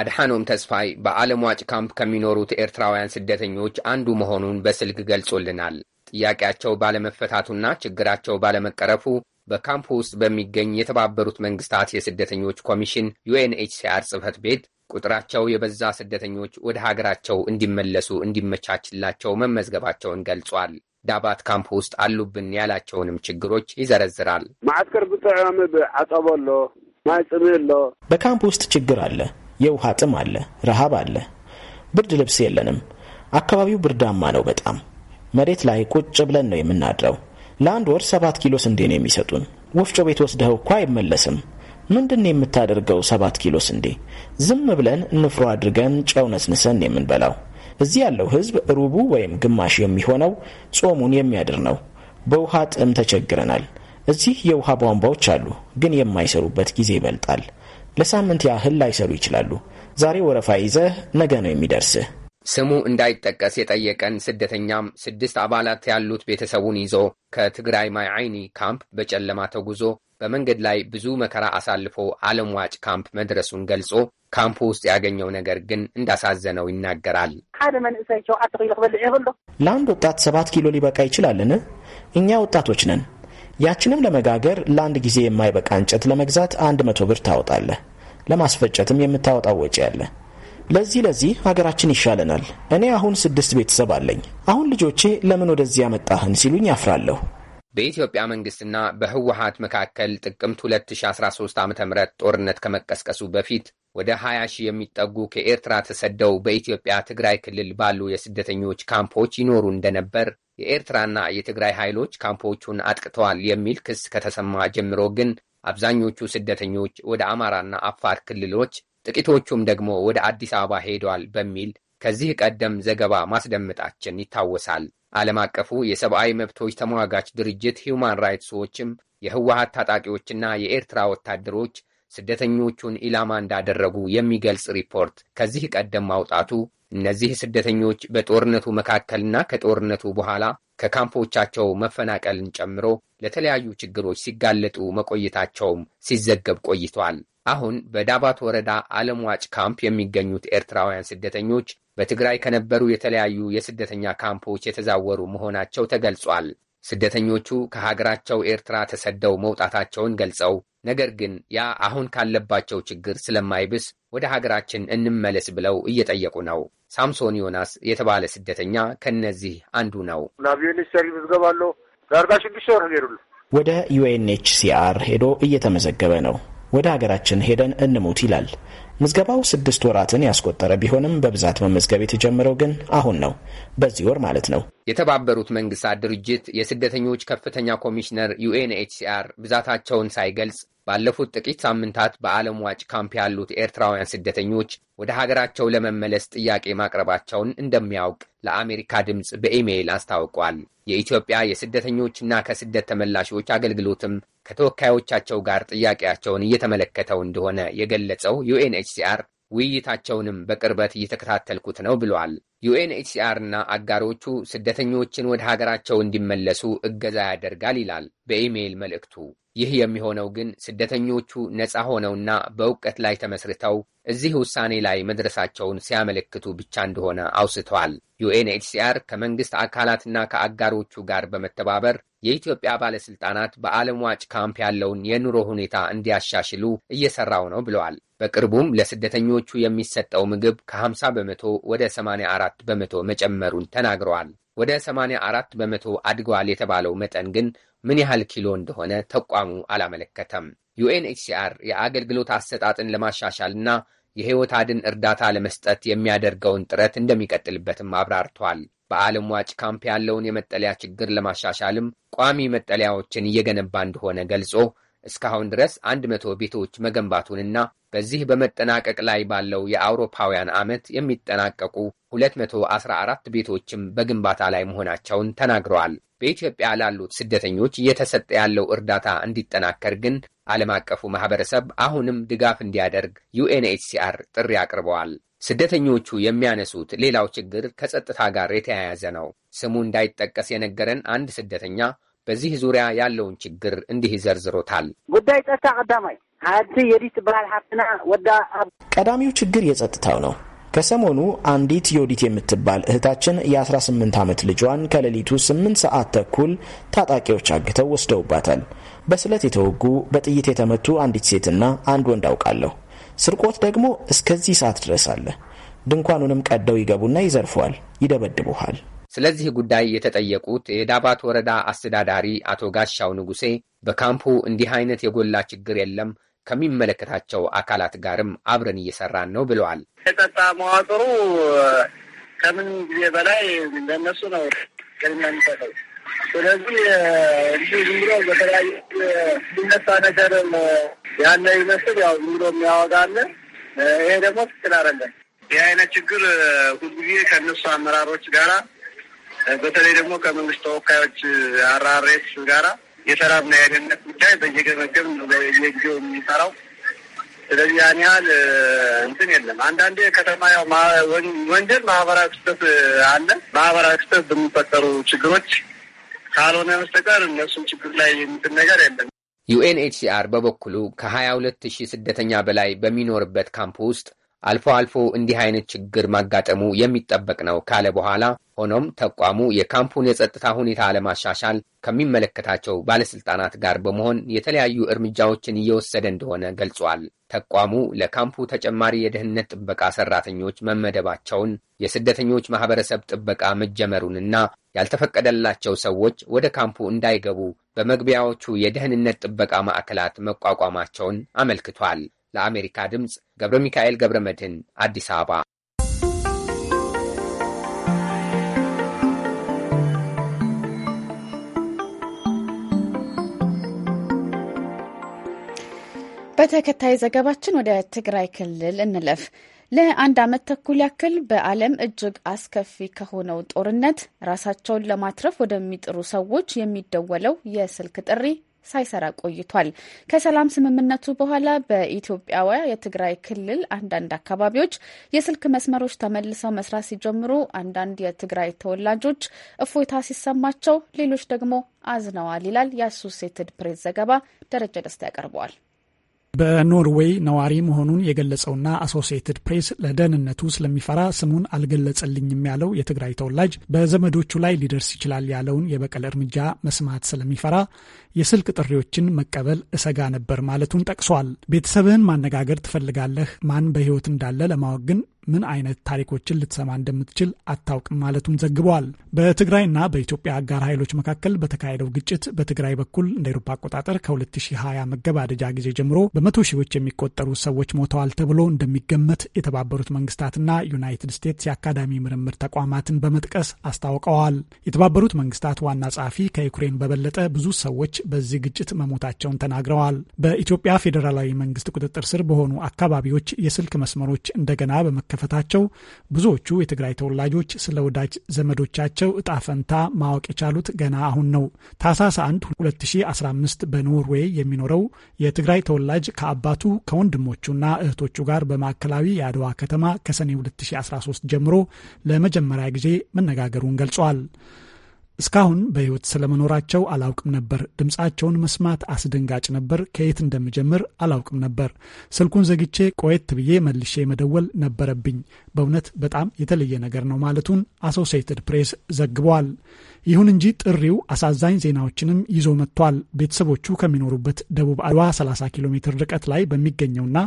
አድሓኖም ተስፋይ በዓለም ዋጭ ካምፕ ከሚኖሩት ኤርትራውያን ስደተኞች አንዱ መሆኑን በስልክ ገልጾልናል። ጥያቄያቸው ባለመፈታቱና ችግራቸው ባለመቀረፉ በካምፕ ውስጥ በሚገኝ የተባበሩት መንግስታት የስደተኞች ኮሚሽን ዩኤንኤችሲአር ጽህፈት ቤት ቁጥራቸው የበዛ ስደተኞች ወደ ሀገራቸው እንዲመለሱ እንዲመቻችላቸው መመዝገባቸውን ገልጿል። ዳባት ካምፕ ውስጥ አሉብን ያላቸውንም ችግሮች ይዘረዝራል። ማዕስከር ብጥዕም ዓፀቦ ኣሎ ማይ ጽም ኣሎ። በካምፕ ውስጥ ችግር አለ። የውሃ ጥም አለ። ረሃብ አለ። ብርድ ልብስ የለንም። አካባቢው ብርዳማ ነው በጣም መሬት ላይ ቁጭ ብለን ነው የምናድረው። ለአንድ ወር ሰባት ኪሎ ስንዴ ነው የሚሰጡን። ወፍጮ ቤት ወስደኸው እኮ አይመለስም። ምንድን የምታደርገው? ሰባት ኪሎ ስንዴ ዝም ብለን ንፍሮ አድርገን ጨው ነስንሰን የምንበላው። እዚህ ያለው ህዝብ ሩቡ ወይም ግማሽ የሚሆነው ጾሙን የሚያድር ነው። በውሃ ጥም ተቸግረናል። እዚህ የውሃ ቧንቧዎች አሉ፣ ግን የማይሰሩበት ጊዜ ይበልጣል። ለሳምንት ያህል ላይሰሩ ይችላሉ። ዛሬ ወረፋ ይዘህ ነገ ነው የሚደርስህ። ስሙ እንዳይጠቀስ የጠየቀን ስደተኛም ስድስት አባላት ያሉት ቤተሰቡን ይዞ ከትግራይ ማይ ዓይኒ ካምፕ በጨለማ ተጉዞ በመንገድ ላይ ብዙ መከራ አሳልፎ ዓለም ዋጭ ካምፕ መድረሱን ገልጾ ካምፕ ውስጥ ያገኘው ነገር ግን እንዳሳዘነው ይናገራል። ሓደ መንእሰይ ሸውዓተ ኪሎ ክበልዕ ይኽእሎ ለአንድ ወጣት ሰባት ኪሎ ሊበቃ ይችላልን? እኛ ወጣቶች ነን። ያችንም ለመጋገር ለአንድ ጊዜ የማይበቃ እንጨት ለመግዛት አንድ መቶ ብር ታወጣለህ። ለማስፈጨትም የምታወጣው ወጪ አለ። ለዚህ ለዚህ ሀገራችን ይሻለናል። እኔ አሁን ስድስት ቤተሰብ አለኝ። አሁን ልጆቼ ለምን ወደዚህ ያመጣህን ሲሉኝ ያፍራለሁ። በኢትዮጵያ መንግስትና በህወሀት መካከል ጥቅምት 2013 ዓ ም ጦርነት ከመቀስቀሱ በፊት ወደ 20 ሺህ የሚጠጉ ከኤርትራ ተሰደው በኢትዮጵያ ትግራይ ክልል ባሉ የስደተኞች ካምፖች ይኖሩ እንደነበር፣ የኤርትራና የትግራይ ኃይሎች ካምፖቹን አጥቅተዋል የሚል ክስ ከተሰማ ጀምሮ ግን አብዛኞቹ ስደተኞች ወደ አማራና አፋር ክልሎች ጥቂቶቹም ደግሞ ወደ አዲስ አበባ ሄዷል በሚል ከዚህ ቀደም ዘገባ ማስደመጣችን ይታወሳል። ዓለም አቀፉ የሰብአዊ መብቶች ተሟጋች ድርጅት ሂውማን ራይትስ ዎችም የህወሀት ታጣቂዎችና የኤርትራ ወታደሮች ስደተኞቹን ኢላማ እንዳደረጉ የሚገልጽ ሪፖርት ከዚህ ቀደም ማውጣቱ እነዚህ ስደተኞች በጦርነቱ መካከልና ከጦርነቱ በኋላ ከካምፖቻቸው መፈናቀልን ጨምሮ ለተለያዩ ችግሮች ሲጋለጡ መቆየታቸውም ሲዘገብ ቆይቷል። አሁን በዳባት ወረዳ ዓለም ዋጭ ካምፕ የሚገኙት ኤርትራውያን ስደተኞች በትግራይ ከነበሩ የተለያዩ የስደተኛ ካምፖች የተዛወሩ መሆናቸው ተገልጿል። ስደተኞቹ ከሀገራቸው ኤርትራ ተሰደው መውጣታቸውን ገልጸው ነገር ግን ያ አሁን ካለባቸው ችግር ስለማይብስ ወደ ሀገራችን እንመለስ ብለው እየጠየቁ ነው። ሳምሶን ዮናስ የተባለ ስደተኛ ከእነዚህ አንዱ ነው። ናብ ዳርጋ ሽዱሽ ወር ሄዱሉ ወደ ዩኤንኤችሲአር ሄዶ እየተመዘገበ ነው። ወደ ሀገራችን ሄደን እንሙት ይላል። ምዝገባው ስድስት ወራትን ያስቆጠረ ቢሆንም በብዛት መመዝገብ የተጀመረው ግን አሁን ነው፣ በዚህ ወር ማለት ነው። የተባበሩት መንግስታት ድርጅት የስደተኞች ከፍተኛ ኮሚሽነር ዩኤንኤችሲአር ብዛታቸውን ሳይገልጽ ባለፉት ጥቂት ሳምንታት በዓለም ዋጭ ካምፕ ያሉት ኤርትራውያን ስደተኞች ወደ ሀገራቸው ለመመለስ ጥያቄ ማቅረባቸውን እንደሚያውቅ ለአሜሪካ ድምፅ በኢሜይል አስታውቋል። የኢትዮጵያ የስደተኞችና ከስደት ተመላሾች አገልግሎትም ከተወካዮቻቸው ጋር ጥያቄያቸውን እየተመለከተው እንደሆነ የገለጸው ዩኤንኤችሲአር ውይይታቸውንም በቅርበት እየተከታተልኩት ነው ብሏል። ዩኤንኤችሲአር ና አጋሮቹ ስደተኞችን ወደ ሀገራቸው እንዲመለሱ እገዛ ያደርጋል ይላል በኢሜይል መልእክቱ። ይህ የሚሆነው ግን ስደተኞቹ ነፃ ሆነውና በእውቀት ላይ ተመስርተው እዚህ ውሳኔ ላይ መድረሳቸውን ሲያመለክቱ ብቻ እንደሆነ አውስተዋል። ዩኤንኤችሲአር ከመንግሥት አካላትና ከአጋሮቹ ጋር በመተባበር የኢትዮጵያ ባለስልጣናት በዓለም ዋጭ ካምፕ ያለውን የኑሮ ሁኔታ እንዲያሻሽሉ እየሰራው ነው ብለዋል። በቅርቡም ለስደተኞቹ የሚሰጠው ምግብ ከ50 በመቶ ወደ 84 በመቶ መጨመሩን ተናግረዋል። ወደ 84 በመቶ አድገዋል የተባለው መጠን ግን ምን ያህል ኪሎ እንደሆነ ተቋሙ አላመለከተም። ዩኤንኤችሲአር የአገልግሎት አሰጣጥን ለማሻሻልና የሕይወት አድን እርዳታ ለመስጠት የሚያደርገውን ጥረት እንደሚቀጥልበትም አብራርቷል። በዓለም ዋጭ ካምፕ ያለውን የመጠለያ ችግር ለማሻሻልም ቋሚ መጠለያዎችን እየገነባ እንደሆነ ገልጾ እስካሁን ድረስ አንድ መቶ ቤቶች መገንባቱንና በዚህ በመጠናቀቅ ላይ ባለው የአውሮፓውያን ዓመት የሚጠናቀቁ 214 ቤቶችም በግንባታ ላይ መሆናቸውን ተናግረዋል። በኢትዮጵያ ላሉት ስደተኞች እየተሰጠ ያለው እርዳታ እንዲጠናከር ግን ዓለም አቀፉ ማህበረሰብ አሁንም ድጋፍ እንዲያደርግ ዩኤንኤችሲአር ጥሪ አቅርበዋል። ስደተኞቹ የሚያነሱት ሌላው ችግር ከጸጥታ ጋር የተያያዘ ነው። ስሙ እንዳይጠቀስ የነገረን አንድ ስደተኛ በዚህ ዙሪያ ያለውን ችግር እንዲህ ይዘርዝሮታል። ጉዳይ ጸጥታ ቀዳማይ ሀቲ የዲት በሃል ሓፍትና ወዳ ቀዳሚው ችግር የጸጥታው ነው። ከሰሞኑ አንዲት ዮዲት የምትባል እህታችን የ18 ዓመት ልጇን ከሌሊቱ 8 ሰዓት ተኩል ታጣቂዎች አግተው ወስደውባታል። በስለት የተወጉ በጥይት የተመቱ አንዲት ሴትና አንድ ወንድ አውቃለሁ። ስርቆት ደግሞ እስከዚህ ሰዓት ድረስ አለ። ድንኳኑንም ቀደው ይገቡና ይዘርፈዋል፣ ይደበድቡሃል። ስለዚህ ጉዳይ የተጠየቁት የዳባት ወረዳ አስተዳዳሪ አቶ ጋሻው ንጉሴ በካምፑ እንዲህ አይነት የጎላ ችግር የለም ከሚመለከታቸው አካላት ጋርም አብረን እየሰራን ነው ብለዋል። የጸጥታ መዋቅሩ ከምን ጊዜ በላይ ለእነሱ ነው ቅድሚያ የሚሰጠው። ስለዚህ እንዲህ ዝም ብሎ በተለያየ ሊነሳ ነገርም ያለ ይመስል ያው ዝም ብሎ የሚያወጋለ ይሄ ደግሞ ትክክል አይደለም። ይህ አይነት ችግር ሁልጊዜ ከእነሱ አመራሮች ጋራ በተለይ ደግሞ ከመንግስት ተወካዮች አራሬስ ጋራ የሰላምና የደህንነት ጉዳይ በየገመገብ በየጊዜው የሚሰራው ስለዚህ ያን ያህል እንትን የለም። አንዳንዴ ከተማ ያው ወንጀል ማህበራዊ ክስተት አለ። ማህበራዊ ክስተት በሚፈጠሩ ችግሮች ካልሆነ በስተቀር እነሱን ችግር ላይ የምትን ነገር የለም። ዩኤንኤችሲአር በበኩሉ ከ22 ሺህ ስደተኛ በላይ በሚኖርበት ካምፕ ውስጥ አልፎ አልፎ እንዲህ አይነት ችግር ማጋጠሙ የሚጠበቅ ነው ካለ በኋላ ሆኖም ተቋሙ የካምፑን የጸጥታ ሁኔታ ለማሻሻል ከሚመለከታቸው ባለስልጣናት ጋር በመሆን የተለያዩ እርምጃዎችን እየወሰደ እንደሆነ ገልጿል። ተቋሙ ለካምፑ ተጨማሪ የደህንነት ጥበቃ ሰራተኞች መመደባቸውን፣ የስደተኞች ማህበረሰብ ጥበቃ መጀመሩንና ያልተፈቀደላቸው ሰዎች ወደ ካምፑ እንዳይገቡ በመግቢያዎቹ የደህንነት ጥበቃ ማዕከላት መቋቋማቸውን አመልክቷል። ለአሜሪካ ድምፅ ገብረ ሚካኤል ገብረ መድህን አዲስ አበባ። በተከታይ ዘገባችን ወደ ትግራይ ክልል እንለፍ። ለአንድ ዓመት ተኩል ያክል በዓለም እጅግ አስከፊ ከሆነው ጦርነት ራሳቸውን ለማትረፍ ወደሚጥሩ ሰዎች የሚደወለው የስልክ ጥሪ ሳይሰራ ቆይቷል። ከሰላም ስምምነቱ በኋላ በኢትዮጵያዋ የትግራይ ክልል አንዳንድ አካባቢዎች የስልክ መስመሮች ተመልሰው መስራት ሲጀምሩ አንዳንድ የትግራይ ተወላጆች እፎይታ ሲሰማቸው፣ ሌሎች ደግሞ አዝነዋል ይላል የአሶሴትድ ፕሬስ ዘገባ። ደረጀ ደስታ ያቀርበዋል። በኖርዌይ ነዋሪ መሆኑን የገለጸውና አሶሲየትድ ፕሬስ ለደህንነቱ ስለሚፈራ ስሙን አልገለጸልኝም ያለው የትግራይ ተወላጅ በዘመዶቹ ላይ ሊደርስ ይችላል ያለውን የበቀል እርምጃ መስማት ስለሚፈራ የስልክ ጥሪዎችን መቀበል እሰጋ ነበር ማለቱን ጠቅሷል። ቤተሰብህን ማነጋገር ትፈልጋለህ፣ ማን በሕይወት እንዳለ ለማወቅ ግን ምን አይነት ታሪኮችን ልትሰማ እንደምትችል አታውቅም ማለቱን ዘግበዋል። በትግራይና በኢትዮጵያ አጋር ኃይሎች መካከል በተካሄደው ግጭት በትግራይ በኩል እንደ ኤሮፓ አቆጣጠር ከ2020 መገባደጃ ጊዜ ጀምሮ በመቶ ሺዎች የሚቆጠሩ ሰዎች ሞተዋል ተብሎ እንደሚገመት የተባበሩት መንግስታትና ዩናይትድ ስቴትስ የአካዳሚ ምርምር ተቋማትን በመጥቀስ አስታውቀዋል። የተባበሩት መንግስታት ዋና ጸሐፊ ከዩክሬን በበለጠ ብዙ ሰዎች በዚህ ግጭት መሞታቸውን ተናግረዋል። በኢትዮጵያ ፌዴራላዊ መንግስት ቁጥጥር ስር በሆኑ አካባቢዎች የስልክ መስመሮች እንደገና በመከ በመከፈታቸው ብዙዎቹ የትግራይ ተወላጆች ስለ ወዳጅ ዘመዶቻቸው እጣ ፈንታ ማወቅ የቻሉት ገና አሁን ነው። ታህሳስ 1 2015 በኖርዌይ የሚኖረው የትግራይ ተወላጅ ከአባቱ ከወንድሞቹና እህቶቹ ጋር በማዕከላዊ የአድዋ ከተማ ከሰኔ 2013 ጀምሮ ለመጀመሪያ ጊዜ መነጋገሩን ገልጿል። እስካሁን በሕይወት ስለመኖራቸው አላውቅም ነበር። ድምፃቸውን መስማት አስደንጋጭ ነበር። ከየት እንደምጀምር አላውቅም ነበር። ስልኩን ዘግቼ ቆየት ብዬ መልሼ መደወል ነበረብኝ። በእውነት በጣም የተለየ ነገር ነው ማለቱን አሶሴትድ ፕሬስ ዘግቧል። ይሁን እንጂ ጥሪው አሳዛኝ ዜናዎችንም ይዞ መጥቷል። ቤተሰቦቹ ከሚኖሩበት ደቡብ አድዋ 30 ኪሎ ሜትር ርቀት ላይ በሚገኘውና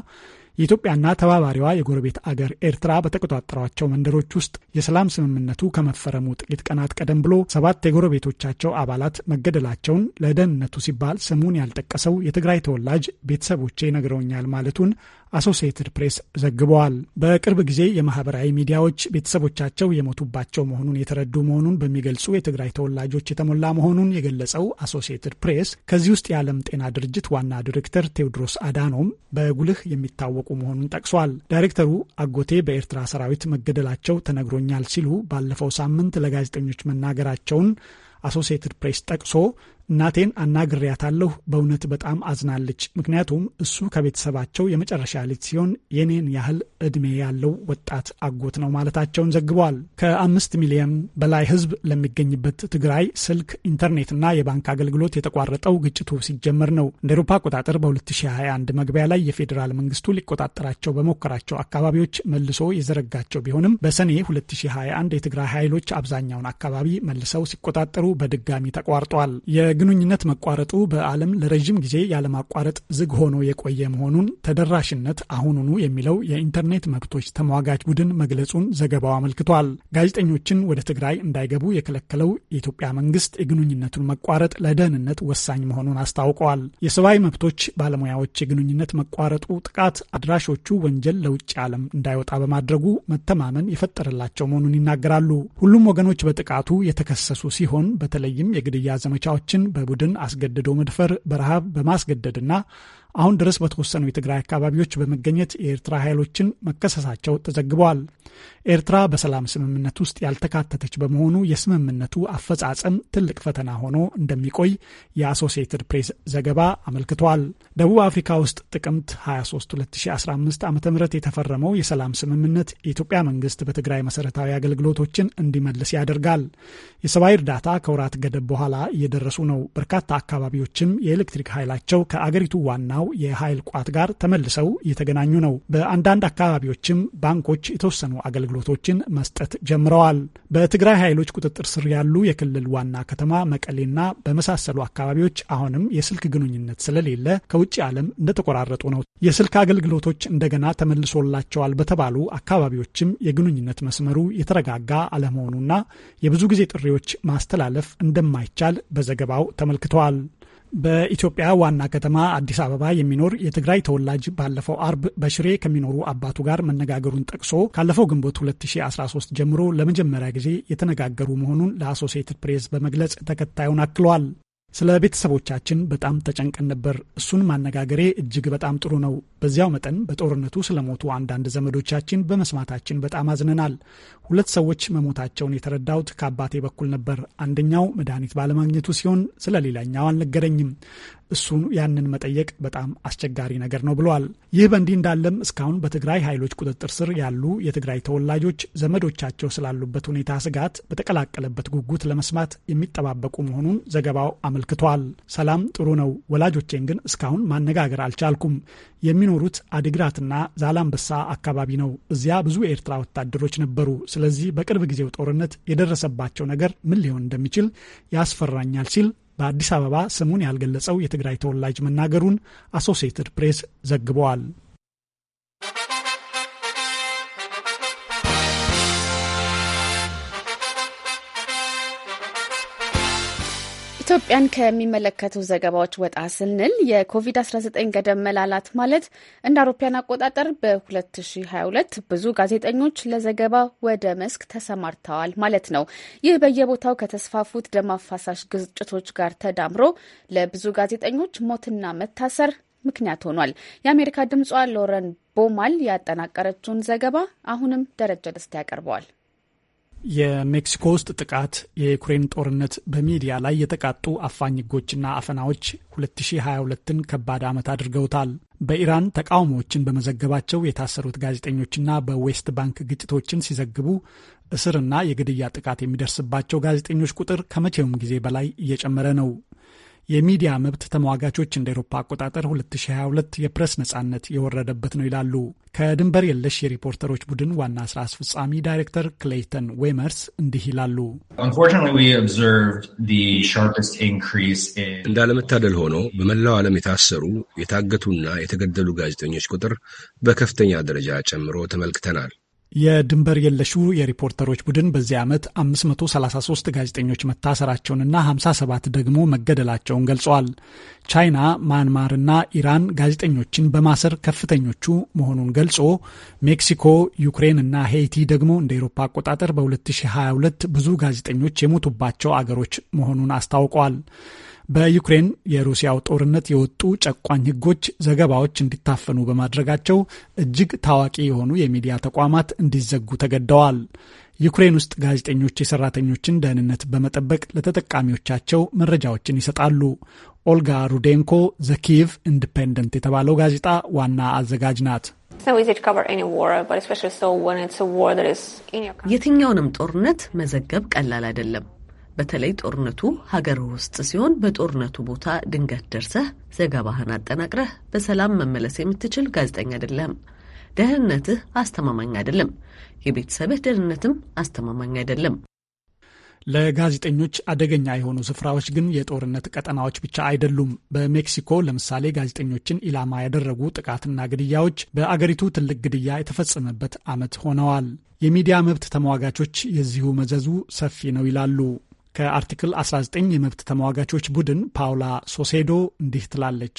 የኢትዮጵያና ተባባሪዋ የጎረቤት አገር ኤርትራ በተቆጣጠሯቸው መንደሮች ውስጥ የሰላም ስምምነቱ ከመፈረሙ ጥቂት ቀናት ቀደም ብሎ ሰባት የጎረቤቶቻቸው አባላት መገደላቸውን ለደህንነቱ ሲባል ስሙን ያልጠቀሰው የትግራይ ተወላጅ ቤተሰቦቼ ነግረውኛል ማለቱን አሶሲየትድ ፕሬስ ዘግበዋል። በቅርብ ጊዜ የማህበራዊ ሚዲያዎች ቤተሰቦቻቸው የሞቱባቸው መሆኑን የተረዱ መሆኑን በሚገልጹ የትግራይ ተወላጆች የተሞላ መሆኑን የገለጸው አሶሲየትድ ፕሬስ ከዚህ ውስጥ የዓለም ጤና ድርጅት ዋና ዲሬክተር ቴዎድሮስ አዳኖም በጉልህ የሚታወቁ መሆኑን ጠቅሷል። ዳይሬክተሩ አጎቴ በኤርትራ ሰራዊት መገደላቸው ተነግሮኛል ሲሉ ባለፈው ሳምንት ለጋዜጠኞች መናገራቸውን አሶሲየትድ ፕሬስ ጠቅሶ እናቴን አናግሬያታለሁ። በእውነት በጣም አዝናለች። ምክንያቱም እሱ ከቤተሰባቸው የመጨረሻ ልጅ ሲሆን የኔን ያህል እድሜ ያለው ወጣት አጎት ነው ማለታቸውን ዘግበዋል። ከአምስት ሚሊዮን በላይ ሕዝብ ለሚገኝበት ትግራይ ስልክ፣ ኢንተርኔትና የባንክ አገልግሎት የተቋረጠው ግጭቱ ሲጀመር ነው። እንደ ኤሮፓ አቆጣጠር በ2021 መግቢያ ላይ የፌዴራል መንግስቱ ሊቆጣጠራቸው በሞከራቸው አካባቢዎች መልሶ የዘረጋቸው ቢሆንም በሰኔ 2021 የትግራይ ኃይሎች አብዛኛውን አካባቢ መልሰው ሲቆጣጠሩ በድጋሚ ተቋርጧል። የግንኙነት መቋረጡ በዓለም ለረዥም ጊዜ ያለማቋረጥ ዝግ ሆኖ የቆየ መሆኑን ተደራሽነት አሁኑኑ የሚለው የኢንተርኔት መብቶች ተሟጋች ቡድን መግለጹን ዘገባው አመልክቷል። ጋዜጠኞችን ወደ ትግራይ እንዳይገቡ የከለከለው የኢትዮጵያ መንግስት የግንኙነቱን መቋረጥ ለደህንነት ወሳኝ መሆኑን አስታውቀዋል። የሰብአዊ መብቶች ባለሙያዎች የግንኙነት መቋረጡ ጥቃት አድራሾቹ ወንጀል ለውጭ ዓለም እንዳይወጣ በማድረጉ መተማመን የፈጠረላቸው መሆኑን ይናገራሉ። ሁሉም ወገኖች በጥቃቱ የተከሰሱ ሲሆን በተለይም የግድያ ዘመቻዎችን በቡድን አስገድዶ መድፈር፣ በረሃብ በማስገደድና አሁን ድረስ በተወሰኑ የትግራይ አካባቢዎች በመገኘት የኤርትራ ኃይሎችን መከሰሳቸው ተዘግበዋል። ኤርትራ በሰላም ስምምነት ውስጥ ያልተካተተች በመሆኑ የስምምነቱ አፈጻጸም ትልቅ ፈተና ሆኖ እንደሚቆይ የአሶሲየትድ ፕሬስ ዘገባ አመልክቷል። ደቡብ አፍሪካ ውስጥ ጥቅምት 23 2015 ዓ ም የተፈረመው የሰላም ስምምነት የኢትዮጵያ መንግስት በትግራይ መሰረታዊ አገልግሎቶችን እንዲመልስ ያደርጋል። የሰብአዊ እርዳታ ከወራት ገደብ በኋላ እየደረሱ ነው። በርካታ አካባቢዎችም የኤሌክትሪክ ኃይላቸው ከአገሪቱ ዋናው የኃይል ቋት ጋር ተመልሰው እየተገናኙ ነው። በአንዳንድ አካባቢዎችም ባንኮች የተወሰኑ አገልግሎቶችን መስጠት ጀምረዋል። በትግራይ ኃይሎች ቁጥጥር ስር ያሉ የክልል ዋና ከተማ መቀሌና በመሳሰሉ አካባቢዎች አሁንም የስልክ ግንኙነት ስለሌለ ከውጭ ዓለም እንደተቆራረጡ ነው። የስልክ አገልግሎቶች እንደገና ተመልሶላቸዋል በተባሉ አካባቢዎችም የግንኙነት መስመሩ የተረጋጋ አለመሆኑና የብዙ ጊዜ ጥሪዎች ማስተላለፍ እንደማይቻል በዘገባው ተመልክተዋል። በኢትዮጵያ ዋና ከተማ አዲስ አበባ የሚኖር የትግራይ ተወላጅ ባለፈው አርብ በሽሬ ከሚኖሩ አባቱ ጋር መነጋገሩን ጠቅሶ ካለፈው ግንቦት 2013 ጀምሮ ለመጀመሪያ ጊዜ የተነጋገሩ መሆኑን ለአሶሲየትድ ፕሬስ በመግለጽ ተከታዩን አክለዋል። ስለ ቤተሰቦቻችን በጣም ተጨንቀን ነበር። እሱን ማነጋገሬ እጅግ በጣም ጥሩ ነው። በዚያው መጠን በጦርነቱ ስለሞቱ አንዳንድ ዘመዶቻችን በመስማታችን በጣም አዝነናል። ሁለት ሰዎች መሞታቸውን የተረዳሁት ከአባቴ በኩል ነበር። አንደኛው መድኃኒት ባለማግኘቱ ሲሆን ስለ ሌላኛው አልነገረኝም። እሱን ያንን መጠየቅ በጣም አስቸጋሪ ነገር ነው ብለዋል። ይህ በእንዲህ እንዳለም እስካሁን በትግራይ ኃይሎች ቁጥጥር ስር ያሉ የትግራይ ተወላጆች ዘመዶቻቸው ስላሉበት ሁኔታ ስጋት በተቀላቀለበት ጉጉት ለመስማት የሚጠባበቁ መሆኑን ዘገባው አመልክቷል። ሰላም ጥሩ ነው። ወላጆቼን ግን እስካሁን ማነጋገር አልቻልኩም የሚ የሚኖሩት አድግራትና ዛላምበሳ አካባቢ ነው። እዚያ ብዙ የኤርትራ ወታደሮች ነበሩ። ስለዚህ በቅርብ ጊዜው ጦርነት የደረሰባቸው ነገር ምን ሊሆን እንደሚችል ያስፈራኛል ሲል በአዲስ አበባ ስሙን ያልገለጸው የትግራይ ተወላጅ መናገሩን አሶሲየትድ ፕሬስ ዘግበዋል። ኢትዮጵያን ከሚመለከቱ ዘገባዎች ወጣ ስንል የኮቪድ-19 ገደብ መላላት ማለት እንደ አውሮፓውያን አቆጣጠር በ2022 ብዙ ጋዜጠኞች ለዘገባ ወደ መስክ ተሰማርተዋል ማለት ነው። ይህ በየቦታው ከተስፋፉት ደም አፋሳሽ ግጭቶች ጋር ተዳምሮ ለብዙ ጋዜጠኞች ሞትና መታሰር ምክንያት ሆኗል። የአሜሪካ ድምጿ ሎረን ቦማል ያጠናቀረችውን ዘገባ አሁንም ደረጃ ደስታ ያቀርበዋል። የሜክሲኮ ውስጥ ጥቃት፣ የዩክሬን ጦርነት፣ በሚዲያ ላይ የተቃጡ አፋኝ ህጎችና አፈናዎች 2022ን ከባድ ዓመት አድርገውታል። በኢራን ተቃውሞዎችን በመዘገባቸው የታሰሩት ጋዜጠኞችና በዌስት ባንክ ግጭቶችን ሲዘግቡ እስርና የግድያ ጥቃት የሚደርስባቸው ጋዜጠኞች ቁጥር ከመቼውም ጊዜ በላይ እየጨመረ ነው። የሚዲያ መብት ተሟጋቾች እንደ ኤሮፓ አቆጣጠር 2022 የፕሬስ ነጻነት የወረደበት ነው ይላሉ። ከድንበር የለሽ የሪፖርተሮች ቡድን ዋና ስራ አስፈጻሚ ዳይሬክተር ክሌይተን ዌመርስ እንዲህ ይላሉ። እንዳለመታደል ሆኖ በመላው ዓለም የታሰሩ የታገቱና የተገደሉ ጋዜጠኞች ቁጥር በከፍተኛ ደረጃ ጨምሮ ተመልክተናል። የድንበር የለሹ የሪፖርተሮች ቡድን በዚህ ዓመት 533 ጋዜጠኞች መታሰራቸውንና 57 ደግሞ መገደላቸውን ገልጸዋል። ቻይና፣ ማንማርና ኢራን ጋዜጠኞችን በማሰር ከፍተኞቹ መሆኑን ገልጾ ሜክሲኮ፣ ዩክሬን እና ሄይቲ ደግሞ እንደ ኤሮፓ አቆጣጠር በ2022 ብዙ ጋዜጠኞች የሞቱባቸው አገሮች መሆኑን አስታውቀዋል። በዩክሬን የሩሲያው ጦርነት የወጡ ጨቋኝ ሕጎች ዘገባዎች እንዲታፈኑ በማድረጋቸው እጅግ ታዋቂ የሆኑ የሚዲያ ተቋማት እንዲዘጉ ተገደዋል። ዩክሬን ውስጥ ጋዜጠኞች የሰራተኞችን ደህንነት በመጠበቅ ለተጠቃሚዎቻቸው መረጃዎችን ይሰጣሉ። ኦልጋ ሩዴንኮ ዘኪቭ ኢንዲፔንደንት የተባለው ጋዜጣ ዋና አዘጋጅ ናት። የትኛውንም ጦርነት መዘገብ ቀላል አይደለም። በተለይ ጦርነቱ ሀገር ውስጥ ሲሆን በጦርነቱ ቦታ ድንገት ደርሰህ ዘገባህን አጠናቅረህ በሰላም መመለስ የምትችል ጋዜጠኛ አይደለም። ደህንነትህ አስተማማኝ አይደለም። የቤተሰብህ ደህንነትም አስተማማኝ አይደለም። ለጋዜጠኞች አደገኛ የሆኑ ስፍራዎች ግን የጦርነት ቀጠናዎች ብቻ አይደሉም። በሜክሲኮ ለምሳሌ ጋዜጠኞችን ኢላማ ያደረጉ ጥቃትና ግድያዎች በአገሪቱ ትልቅ ግድያ የተፈጸመበት ዓመት ሆነዋል። የሚዲያ መብት ተሟጋቾች የዚሁ መዘዙ ሰፊ ነው ይላሉ። ከአርቲክል 19 የመብት ተሟጋቾች ቡድን ፓውላ ሶሴዶ እንዲህ ትላለች።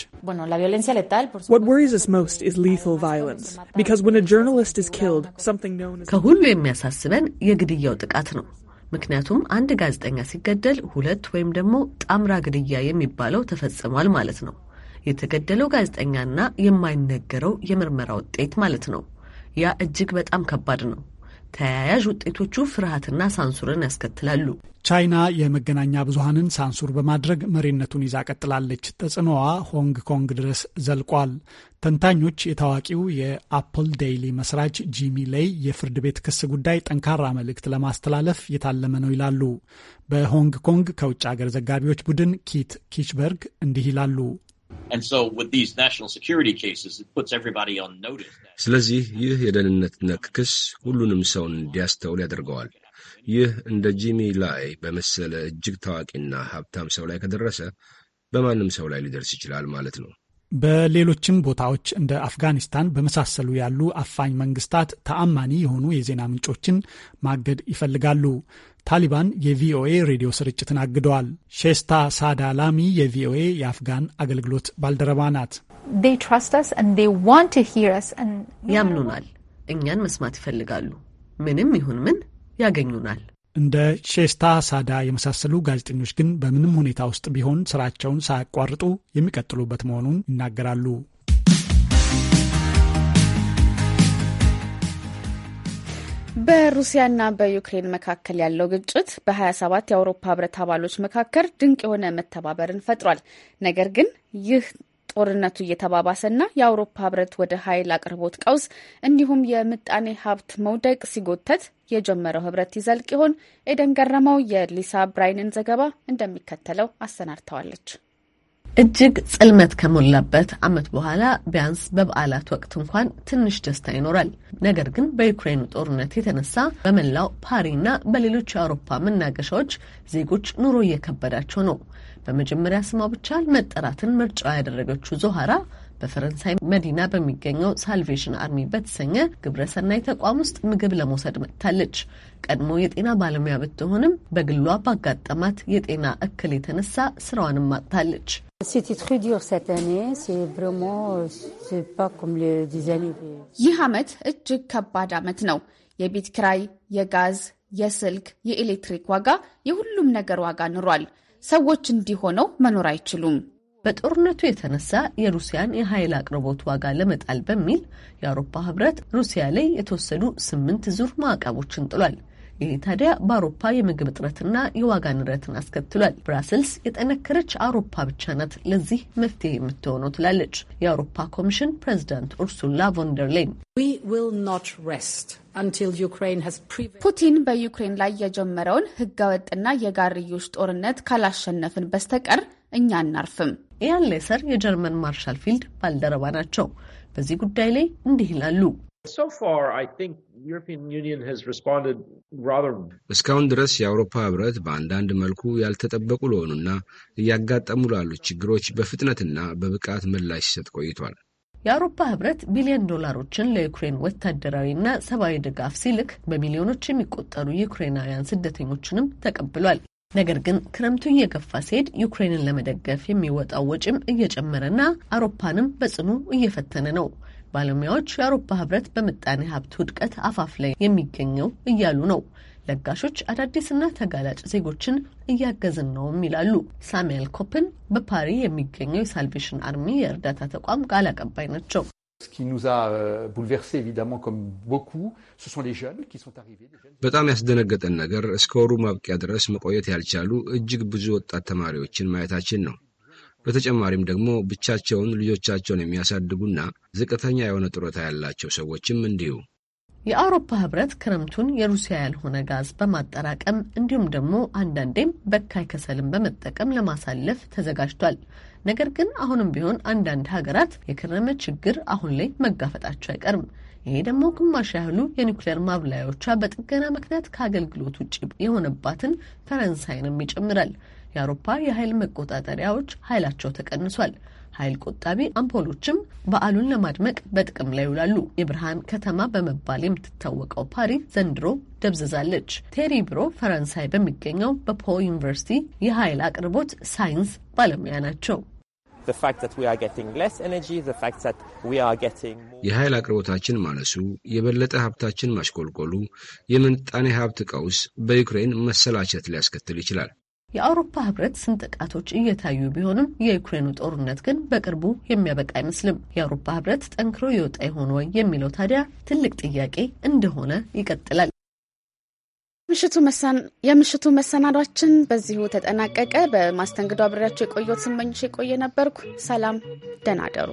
ከሁሉ የሚያሳስበን የግድያው ጥቃት ነው። ምክንያቱም አንድ ጋዜጠኛ ሲገደል ሁለት ወይም ደግሞ ጣምራ ግድያ የሚባለው ተፈጽሟል ማለት ነው። የተገደለው ጋዜጠኛና የማይነገረው የምርመራ ውጤት ማለት ነው። ያ እጅግ በጣም ከባድ ነው። ተያያዥ ውጤቶቹ ፍርሃትና ሳንሱርን ያስከትላሉ። ቻይና የመገናኛ ብዙኃንን ሳንሱር በማድረግ መሪነቱን ይዛ ቀጥላለች። ተጽዕኖዋ ሆንግ ኮንግ ድረስ ዘልቋል። ተንታኞች የታዋቂው የአፕል ዴይሊ መስራች ጂሚ ሌይ የፍርድ ቤት ክስ ጉዳይ ጠንካራ መልእክት ለማስተላለፍ የታለመ ነው ይላሉ። በሆንግ ኮንግ ከውጭ አገር ዘጋቢዎች ቡድን ኪት ኪችበርግ እንዲህ ይላሉ። ስለዚህ ይህ የደህንነት ነክ ክስ ሁሉንም ሰው እንዲያስተውል ያደርገዋል። ይህ እንደ ጂሚ ላይ በመሰለ እጅግ ታዋቂና ሀብታም ሰው ላይ ከደረሰ በማንም ሰው ላይ ሊደርስ ይችላል ማለት ነው። በሌሎችም ቦታዎች እንደ አፍጋኒስታን በመሳሰሉ ያሉ አፋኝ መንግስታት ተአማኒ የሆኑ የዜና ምንጮችን ማገድ ይፈልጋሉ። ታሊባን የቪኦኤ ሬዲዮ ስርጭትን አግደዋል። ሼስታ ሳዳ ላሚ የቪኦኤ የአፍጋን አገልግሎት ባልደረባ ናት። ያምኑናል። እኛን መስማት ይፈልጋሉ። ምንም ይሁን ምን ያገኙናል። እንደ ሼስታ ሳዳ የመሳሰሉ ጋዜጠኞች ግን በምንም ሁኔታ ውስጥ ቢሆን ስራቸውን ሳያቋርጡ የሚቀጥሉበት መሆኑን ይናገራሉ። በሩሲያና በዩክሬን መካከል ያለው ግጭት በ27 የአውሮፓ ህብረት አባሎች መካከል ድንቅ የሆነ መተባበርን ፈጥሯል። ነገር ግን ይህ ጦርነቱ እየተባባሰና የአውሮፓ ህብረት ወደ ኃይል አቅርቦት ቀውስ እንዲሁም የምጣኔ ሀብት መውደቅ ሲጎተት የጀመረው ህብረት ይዘልቅ ይሆን? ኤደን ገረመው የሊሳ ብራይንን ዘገባ እንደሚከተለው አሰናድተዋለች። እጅግ ጽልመት ከሞላበት ዓመት በኋላ ቢያንስ በበዓላት ወቅት እንኳን ትንሽ ደስታ ይኖራል። ነገር ግን በዩክሬኑ ጦርነት የተነሳ በመላው ፓሪና በሌሎች የአውሮፓ መናገሻዎች ዜጎች ኑሮ እየከበዳቸው ነው። በመጀመሪያ ስሟ ብቻ መጠራትን ምርጫ ያደረገችው ዞሃራ በፈረንሳይ መዲና በሚገኘው ሳልቬሽን አርሚ በተሰኘ ግብረሰናይ ተቋም ውስጥ ምግብ ለመውሰድ መጥታለች። ቀድሞ የጤና ባለሙያ ብትሆንም በግሏ ባጋጠማት የጤና እክል የተነሳ ስራዋንም ማጥታለች። ይህ ዓመት እጅግ ከባድ ዓመት ነው። የቤት ክራይ፣ የጋዝ፣ የስልክ፣ የኤሌክትሪክ ዋጋ፣ የሁሉም ነገር ዋጋ ኑሯል። ሰዎች እንዲህ ሆነው መኖር አይችሉም። በጦርነቱ የተነሳ የሩሲያን የኃይል አቅርቦት ዋጋ ለመጣል በሚል የአውሮፓ ህብረት ሩሲያ ላይ የተወሰዱ ስምንት ዙር ማዕቀቦችን ጥሏል። ይህ ታዲያ በአውሮፓ የምግብ እጥረትና የዋጋ ንረትን አስከትሏል። ብራስልስ የጠነከረች አውሮፓ ብቻ ናት ለዚህ መፍትሄ የምትሆነው ትላለች የአውሮፓ ኮሚሽን ፕሬዚዳንት ኡርሱላ ቮንደር ላይን። ፑቲን በዩክሬን ላይ የጀመረውን ህገወጥና የጋርዮሽ ጦርነት ካላሸነፍን በስተቀር እኛ አናርፍም። ኤያን ሌሰር የጀርመን ማርሻል ፊልድ ባልደረባ ናቸው። በዚህ ጉዳይ ላይ እንዲህ ይላሉ። እስካሁን ድረስ የአውሮፓ ህብረት በአንዳንድ መልኩ ያልተጠበቁ ለሆኑና እያጋጠሙ ላሉ ችግሮች በፍጥነትና በብቃት ምላሽ ሲሰጥ ቆይቷል። የአውሮፓ ህብረት ቢሊዮን ዶላሮችን ለዩክሬን ወታደራዊና ሰብአዊ ድጋፍ ሲልክ በሚሊዮኖች የሚቆጠሩ ዩክሬናውያን ስደተኞችንም ተቀብሏል። ነገር ግን ክረምቱ እየገፋ ሲሄድ ዩክሬንን ለመደገፍ የሚወጣው ወጪም እየጨመረና አውሮፓንም በጽኑ እየፈተነ ነው። ባለሙያዎች የአውሮፓ ህብረት በምጣኔ ሀብት ውድቀት አፋፍ ላይ የሚገኘው እያሉ ነው። ለጋሾች አዳዲስና ተጋላጭ ዜጎችን እያገዝን ነውም ይላሉ። ሳሙኤል ኮፕን በፓሪ የሚገኘው የሳልቬሽን አርሚ የእርዳታ ተቋም ቃል አቀባይ ናቸው። በጣም ያስደነገጠን ነገር እስከ ወሩ ማብቂያ ድረስ መቆየት ያልቻሉ እጅግ ብዙ ወጣት ተማሪዎችን ማየታችን ነው። በተጨማሪም ደግሞ ብቻቸውን ልጆቻቸውን የሚያሳድጉና ዝቅተኛ የሆነ ጡረታ ያላቸው ሰዎችም እንዲሁ። የአውሮፓ ህብረት ክረምቱን የሩሲያ ያልሆነ ጋዝ በማጠራቀም እንዲሁም ደግሞ አንዳንዴም በካይ ከሰልን በመጠቀም ለማሳለፍ ተዘጋጅቷል። ነገር ግን አሁንም ቢሆን አንዳንድ ሀገራት የከረመ ችግር አሁን ላይ መጋፈጣቸው አይቀርም። ይሄ ደግሞ ግማሽ ያህሉ የኒውክሌር ማብላያዎቿ በጥገና ምክንያት ከአገልግሎት ውጭ የሆነባትን ፈረንሳይንም ይጨምራል። የአውሮፓ የኃይል መቆጣጠሪያዎች ኃይላቸው ተቀንሷል። ኃይል ቆጣቢ አምፖሎችም በዓሉን ለማድመቅ በጥቅም ላይ ይውላሉ። የብርሃን ከተማ በመባል የምትታወቀው ፓሪ ዘንድሮ ደብዝዛለች። ቴሪ ብሮ ፈረንሳይ በሚገኘው በፖ ዩኒቨርሲቲ የኃይል አቅርቦት ሳይንስ ባለሙያ ናቸው። የኃይል አቅርቦታችን ማነሱ፣ የበለጠ ሀብታችን ማሽቆልቆሉ፣ የምጣኔ ሀብት ቀውስ በዩክሬን መሰላቸት ሊያስከትል ይችላል። የአውሮፓ ህብረት ስንጥቃቶች እየታዩ ቢሆንም የዩክሬኑ ጦርነት ግን በቅርቡ የሚያበቃ አይመስልም። የአውሮፓ ህብረት ጠንክሮ የወጣ ይሆን ወይ የሚለው ታዲያ ትልቅ ጥያቄ እንደሆነ ይቀጥላል። የምሽቱ መሰናዷችን በዚሁ ተጠናቀቀ። በማስተንግዶ አብሬያቸው የቆየሁት ስመኝሽ የቆየ ነበርኩ። ሰላም፣ ደህና ደሩ።